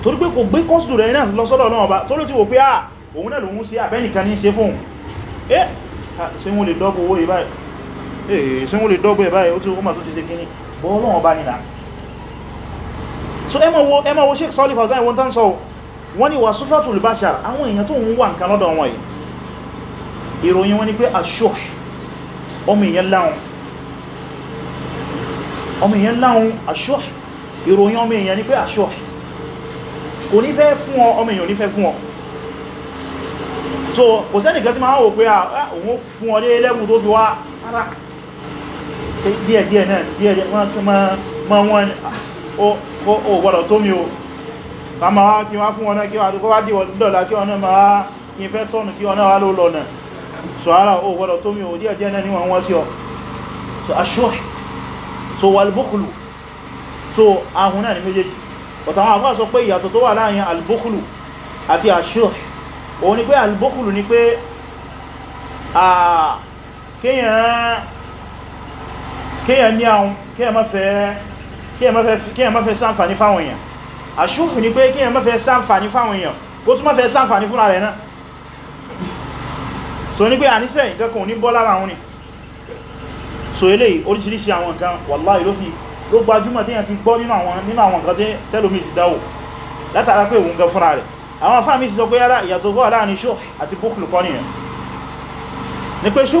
torí pé kò gbé kọ́sùdù rẹ̀ náà lọ sọ́dọ̀ Ọlọ́run Ọba tó ló ti wò pé à ah, òun náà lòun sí àbẹ́nìkan ní ṣe fóun ah, ṣe wọ́n lè dọ́gbò owó ìbáyìí ó ti ó mà tó ti ṣe kíní bọ́ ọlọ́wọ́n bá nìna so ẹmọ̀wọ́ ẹmọ̀wọ́ Sheikh Salih Fawzan wọ́n tán sọ wọ́n ni wà súfàtù lùbáṣà àwọn èèyàn tó ń wà nǹkan lọ́dọ̀ wọn yìí ìròyìn wọn ni pé aṣọ́ ọmọ èèyàn láhun aṣọ́ ìròyìn ọmọ èèyàn ni pé aṣọ́ kò ní fẹ́ fún ọ ọmọ èèyàn ní fẹ́ fún ọ so kò sẹ́nìkan tí máa wò pé àwọn ah, ah, fún ọ lé lẹ́bù tó fi wá ara Eh, díẹ̀ díẹ̀ náà díẹ̀ díẹ̀ wọ́n tún máa wọ́n ah, ó gbọ́dọ̀ tó mi o ká ma wá kí wá fún wọn náà kí wá dúkọ́ wá dìwọ̀ dọ̀lá kí ọ̀nà máa kí fẹ́ tọ́nù kí ọ̀nà wá ló lọ́nà so ara ó gbọ́dọ̀ tó mi o díẹ̀ díẹ̀ náà ni wọ́n wọ́n sí ọ so aṣọ́ so walbukulu so ahun náà ni méjèèjì ọ̀tà àwọn àgbà sọ pé ìyàtọ̀ tó wà láàrin albukulu àti aṣọ́ òun ni pé albukulu ni pé ah, kéèyàn kéèyàn ní àwọn kéèyàn má fẹ́ ṣàǹfààní fáwọn èèyàn àṣùfù ni pé kéèyàn má fẹ́ ṣàǹfààní fáwọn èèyàn ó tún má fẹ́ ṣàǹfààní fúnra rẹ̀ náà so ní pé àníṣẹ́ ìdẹ́kùn ní bọ́ lára àwọn ni so eléyìí oríṣiríṣi àwọn nǹkan wàláhì ló fi ló gbajúmọ̀ téèyàn ti gbọ́ nínú àwọn nínú àwọn nǹkan tẹ́lómi ti dáwò látara pé òun gan fúnra rẹ̀ àwọn afáàmì ti sọ pé yára ìyàtọ̀ bọ́ láàrin ṣó àti búkùlù kọ́ nìyẹn ni pé ṣó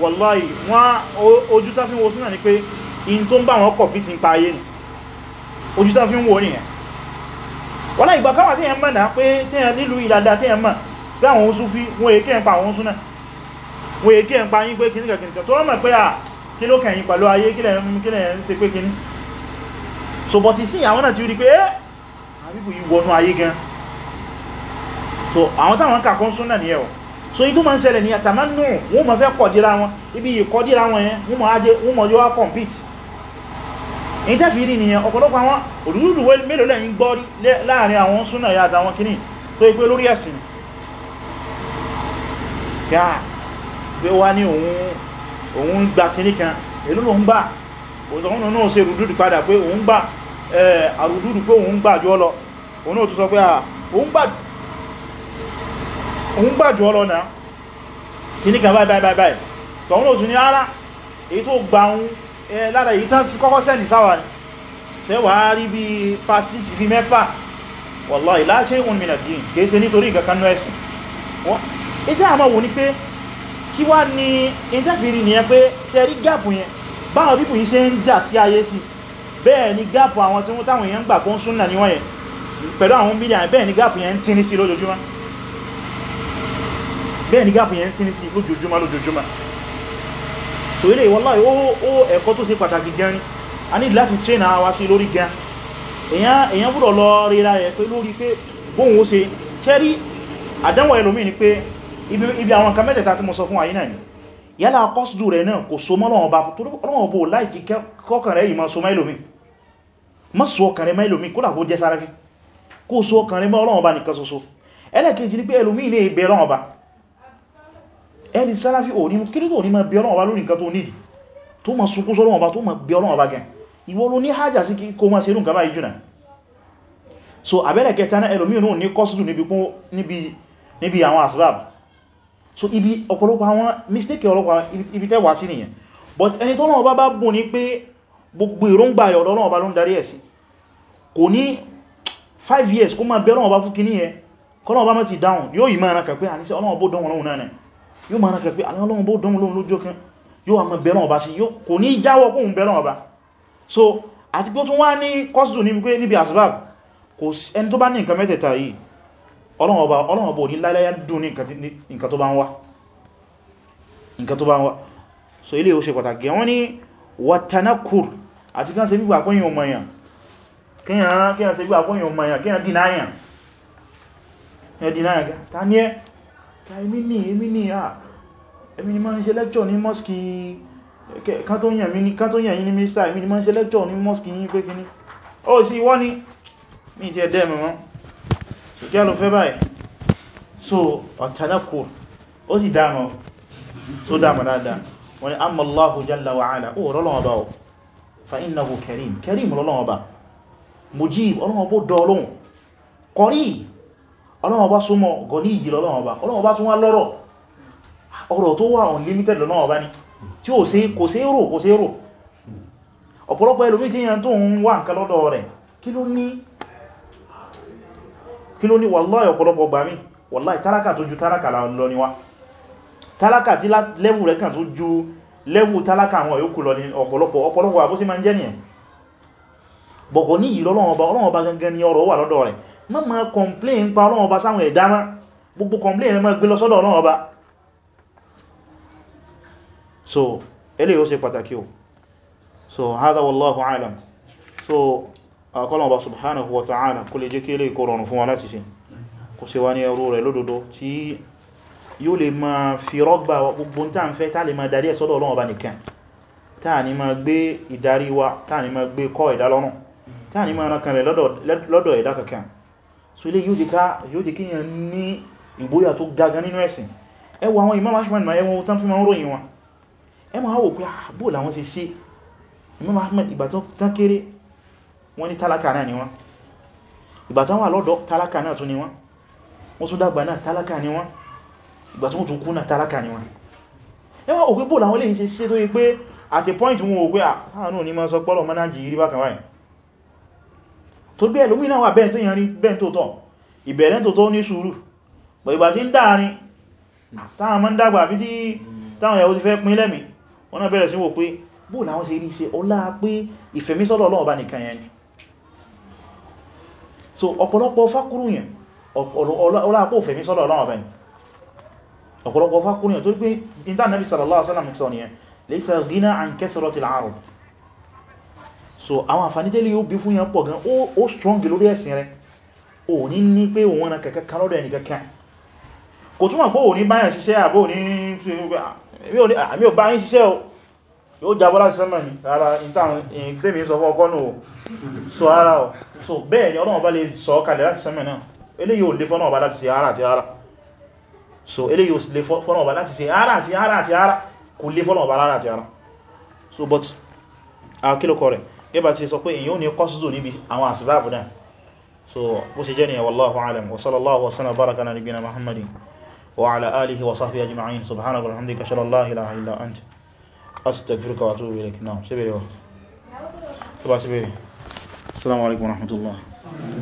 wallahi wọ́n ojú fi ń wo súnà ní pé in tó ń bá wọn kọ̀ ti ń pa ayé nì ojú fi ń wo nìyẹn wọ́n láì ìgbàkáwà tí yẹn mọ̀ náà pé tẹ́yẹn nílùú ìdàdà tí yẹn mọ̀ pé àwọn Sufi wọ́n èké ń pa àwọn súnà wọ́n èké ń pa yín pé kìnnìkà tó mọ̀ so yí tó máa ń ṣẹlẹ̀ ní àtàmánù wọ́n máa fẹ́ kọ̀díra wọn ibi ìkọ̀díra wọn yẹn wọ́n máa ajé wọ́n máa yọ wá compete èyí tẹ́fì rí nìyẹn ọ̀pọ̀lọpọ̀ àwọn òdúdúdù mélòó lẹ́yìn gbọ́ láàrin àwọn súnà ya àtàwọn kìíní tó ipé lórí ẹ̀sìn gáà pé wá ní òun gba kìíní kan èlú ló ń gbà òun náà ṣe rùdúdù padà pé òun gbà eh, àrùdúdù pé òun gbà jọ lọ òun náà tó sọ pé à òun gbà òun gbàjù ọlọ́nà tí ní kàbáì báì báì tọ̀hún òsù ní ara èyí tó gba ohun lára èyí tán sí kọ́kọ́ sẹ́ni sáwà tẹ́wàá rí bí pàṣísì bí mẹ́fà wallahi la shay'un min ad-din nítorí ìkankanú ẹ̀sìn pẹ̀lú àwọn mídíà bẹ́ẹ̀ ni gáàpù yẹn ń tíní sí lójoojúmọ́ bẹ́ẹ̀ ni gáàpù yẹn tíní sí lójoojúmọ́ lójoojúmọ́ so ilé wallahi ó ẹ̀kọ́ tó ṣe pàtàkì gan ni a ní láti train ara wa sí lórí gan èyàn búrọ̀ lọ ríra rẹ̀ pé lórí pé bóhun ó ṣe ṣẹ́rí àdánwò ẹlòmí ni pé ibi àwọn nǹkan mẹ́tẹ̀ta tí mo sọ fún àyínà ni yálà kọ́sùdù rẹ̀ náà kò so mọ́ lọ́wọ́ bá ọlọ́wọ́ bó láìkí kọ́kàn rẹ̀ yìí ma so mẹ́lòmí ma so ọkàn rẹ̀ mẹ́lòmí kó làkó jẹ́ sárafi kó so ọkàn rẹ̀ mọ́ ọlọ́wọ́ bá nìkan ni pé ẹlòmí ní ibẹ̀ lọ́wọ́ bá ẹ̀rì sáláfí ò ní kí tó ní ma bí ọlọ́wọ́ bá lórí nǹkan tó nídi tó ma sunkún sọ́lọ́wọ́ bá tó ma bí ọlọ́wọ́ bá gẹn ìwọ ló ní hajjá sí kó ma serú nǹkan bá ìjúnà so abẹ́lẹ̀ kẹta náà ẹlòmí náà ní kọ́sùdù níbi àwọn asbab so ibi ọ̀pọ̀lọpọ̀ àwọn mistake ọlọ́pọ̀ ibi tẹ́wà sí sí yóò máa rákà pé aláwọ̀lọ́wọ̀n bó dánwò lóhun lójó kan yóò àmà bẹ̀rẹ̀ ọba sí yóò kò ní jáwọ́ kóhun bẹ̀rẹ̀ ọba so àti pé ó tún wá ní kọ́sùdù níbi pé níbi asbab kò ẹni tó bá ní nǹkan mẹ́tẹ̀ẹ̀ta yìí ọlọ́wọ̀n ọba ọlọ́wọ̀n ọba ò ní láíláyá dùn ní nǹkan tó bá ń wá nǹkan tó bá ń wá so ilé ó ṣe pàtàkì wọ́n ní watanakur àti kí wọ́n ṣe gbígbà kóyìn ọmọ èèyàn kí wọ́n ṣe gbígbà kóyìn ọmọ èèyàn kí wọ́n dínà èmi ní èmi ní à èmi ni máa ń ṣe lẹ́jọ́ ní mọ́sùkì kan tó yàn yí ní mínísà èmi ni máa ń ṣe lẹ́jọ́ ní mọ́sùkì yí pé kíní ó sì wọ́n ní mi ẹ̀dẹ́ mẹ́mọ́ so kí a lọ fẹ́ báyìí so ọ̀tànàkù ó sì Allahu jalla wa ala ó rọ́lọ́wọ́ bá karim karim rọ́lọ́wọ́ mujib ọlọ́wọ́ bó dọ́ lóhun ọlọ́wọ́ bá súnmọ́ gọ̀ní ìyí lọ́wọ́ bá ọlọ́wọ́ bá tún wá lọ́rọ̀ ọ̀rọ̀ tó wà unlimited lọ́wọ́ bá ní tí ó sí kò sí rò kò sí rò ọ̀pọ̀lọpọ̀ ẹlòmí tí yẹn tó ń wá nǹkan lọ́dọ̀ rẹ̀ kí ló ní wàláì ọ̀pọ̀lọpọ̀ gbà mí wàláì tálákà tó ju tálákà lọ ni wá tálákà tí lẹ́wù rẹ̀ kàn tó bọ̀gọ̀ ní ìlọ ọlọ́wọ́ba ọlọ́wọ́ba gangan ni ọrọ̀ wà lọ́dọ̀ rẹ̀ má ma complain pa ọlọ́wọ́ba sáwọn ẹ̀dá má gbogbo complain rẹ̀ gbé lọ sọ́dọ̀ so eléyìí ó ṣe pàtàkì o so hadha wallahu alam so akọ́lọ̀wọ́ba subhanahu wa ta'ala kó lè jẹ́ kí eléyìí kó rọrùn fún wa láti ṣe kó ṣe wá ní ẹrú rẹ̀ lódodo tí yóò lè máa fi rọ́gbà gbogbo tá ń fẹ́ tá lè máa tí a ní máa rákan rẹ̀ lọ́dọ̀ ẹ̀dá kankan so ilé yóò jẹ́ kíyàn ní ìgbóyà tó gaga nínú ẹ̀sìn ẹ wo àwọn Imam Ahmad ma ẹwọ tán fi ma ń ròyìn wọn ẹ ma wò pé àbò ah, làwọn ṣe ṣe Imam Ahmad ìgbà tán kéré wọ́n ní tálákà náà ni wọ́n ìgbà tán wà lọ́dọ̀ tálákà náà tún ni wọ́n wọ́n tún dàgbà náà tálákà ni wọ́n ìgbà tún tún kú náà tálákà ni wọ́n ẹ wá wò pé bò làwọn lè ṣe ṣe tó yí pé at a point ah, wọn ò pé àánú ni ma sọ pọ́lọ̀ mọ́nájì rí bákan báyìí tó bí ẹlòmí náà wà bẹ́ẹ̀ tó yẹn rí bẹ́ẹ̀ tó tọ́ ìbẹ̀rẹ̀ tó tọ́ ní sùúrù pọ̀ ìgbà tí ń dáàrin táwọn mọ́ ń dàgbà àfi tí táwọn ìyàwó ti fẹ́ pín lẹ́mí wọ́n náà bẹ̀rẹ̀ sí wò pé bóò láwọn ṣe rí ṣe ọlá pé ìfẹ̀mísọ́dọ̀ Ọlọ́run bá nìkan yẹn ni so ọ̀pọ̀lọpọ̀ fákúrú yẹn ọlá pé ìfẹ̀mísọ́dọ̀ Ọlọ́run bá ní ọ̀pọ̀lọpọ̀ fákúrú so àwọn àǹfààní tẹ́lẹ̀ yóò bí fún yẹn pọ̀ gan ó strong lórí ẹ̀sìn rẹ̀ ò ní ní pé òun na kẹ̀kẹ́ kan lọ́dọ̀ ẹnìkan kan kò túnmọ̀ pé òun báyàn ṣiṣẹ́ so ara o so fọ́nà ọba láti ṣe ara àti ara àti ara kò lè fọ́nà ọba lára àti ara so but akílùkọ rẹ̀ ẹbà ti sọ pé èyí ò ní kọ́sùsù níbi àwọn àsìbáàbù náà so bó ṣe jẹ́ ni wallahu alam wa sallallahu wa sallam baraka na nabiyina muhammadin wa ala alihi wa sahbihi ajma'in subhanaka wa bihamdika ashhadu an la ilaha illa anta astaghfiruka wa atubu ilayk na'am sibiri wa to ba sibiri assalamu alaikum wa rahmatullah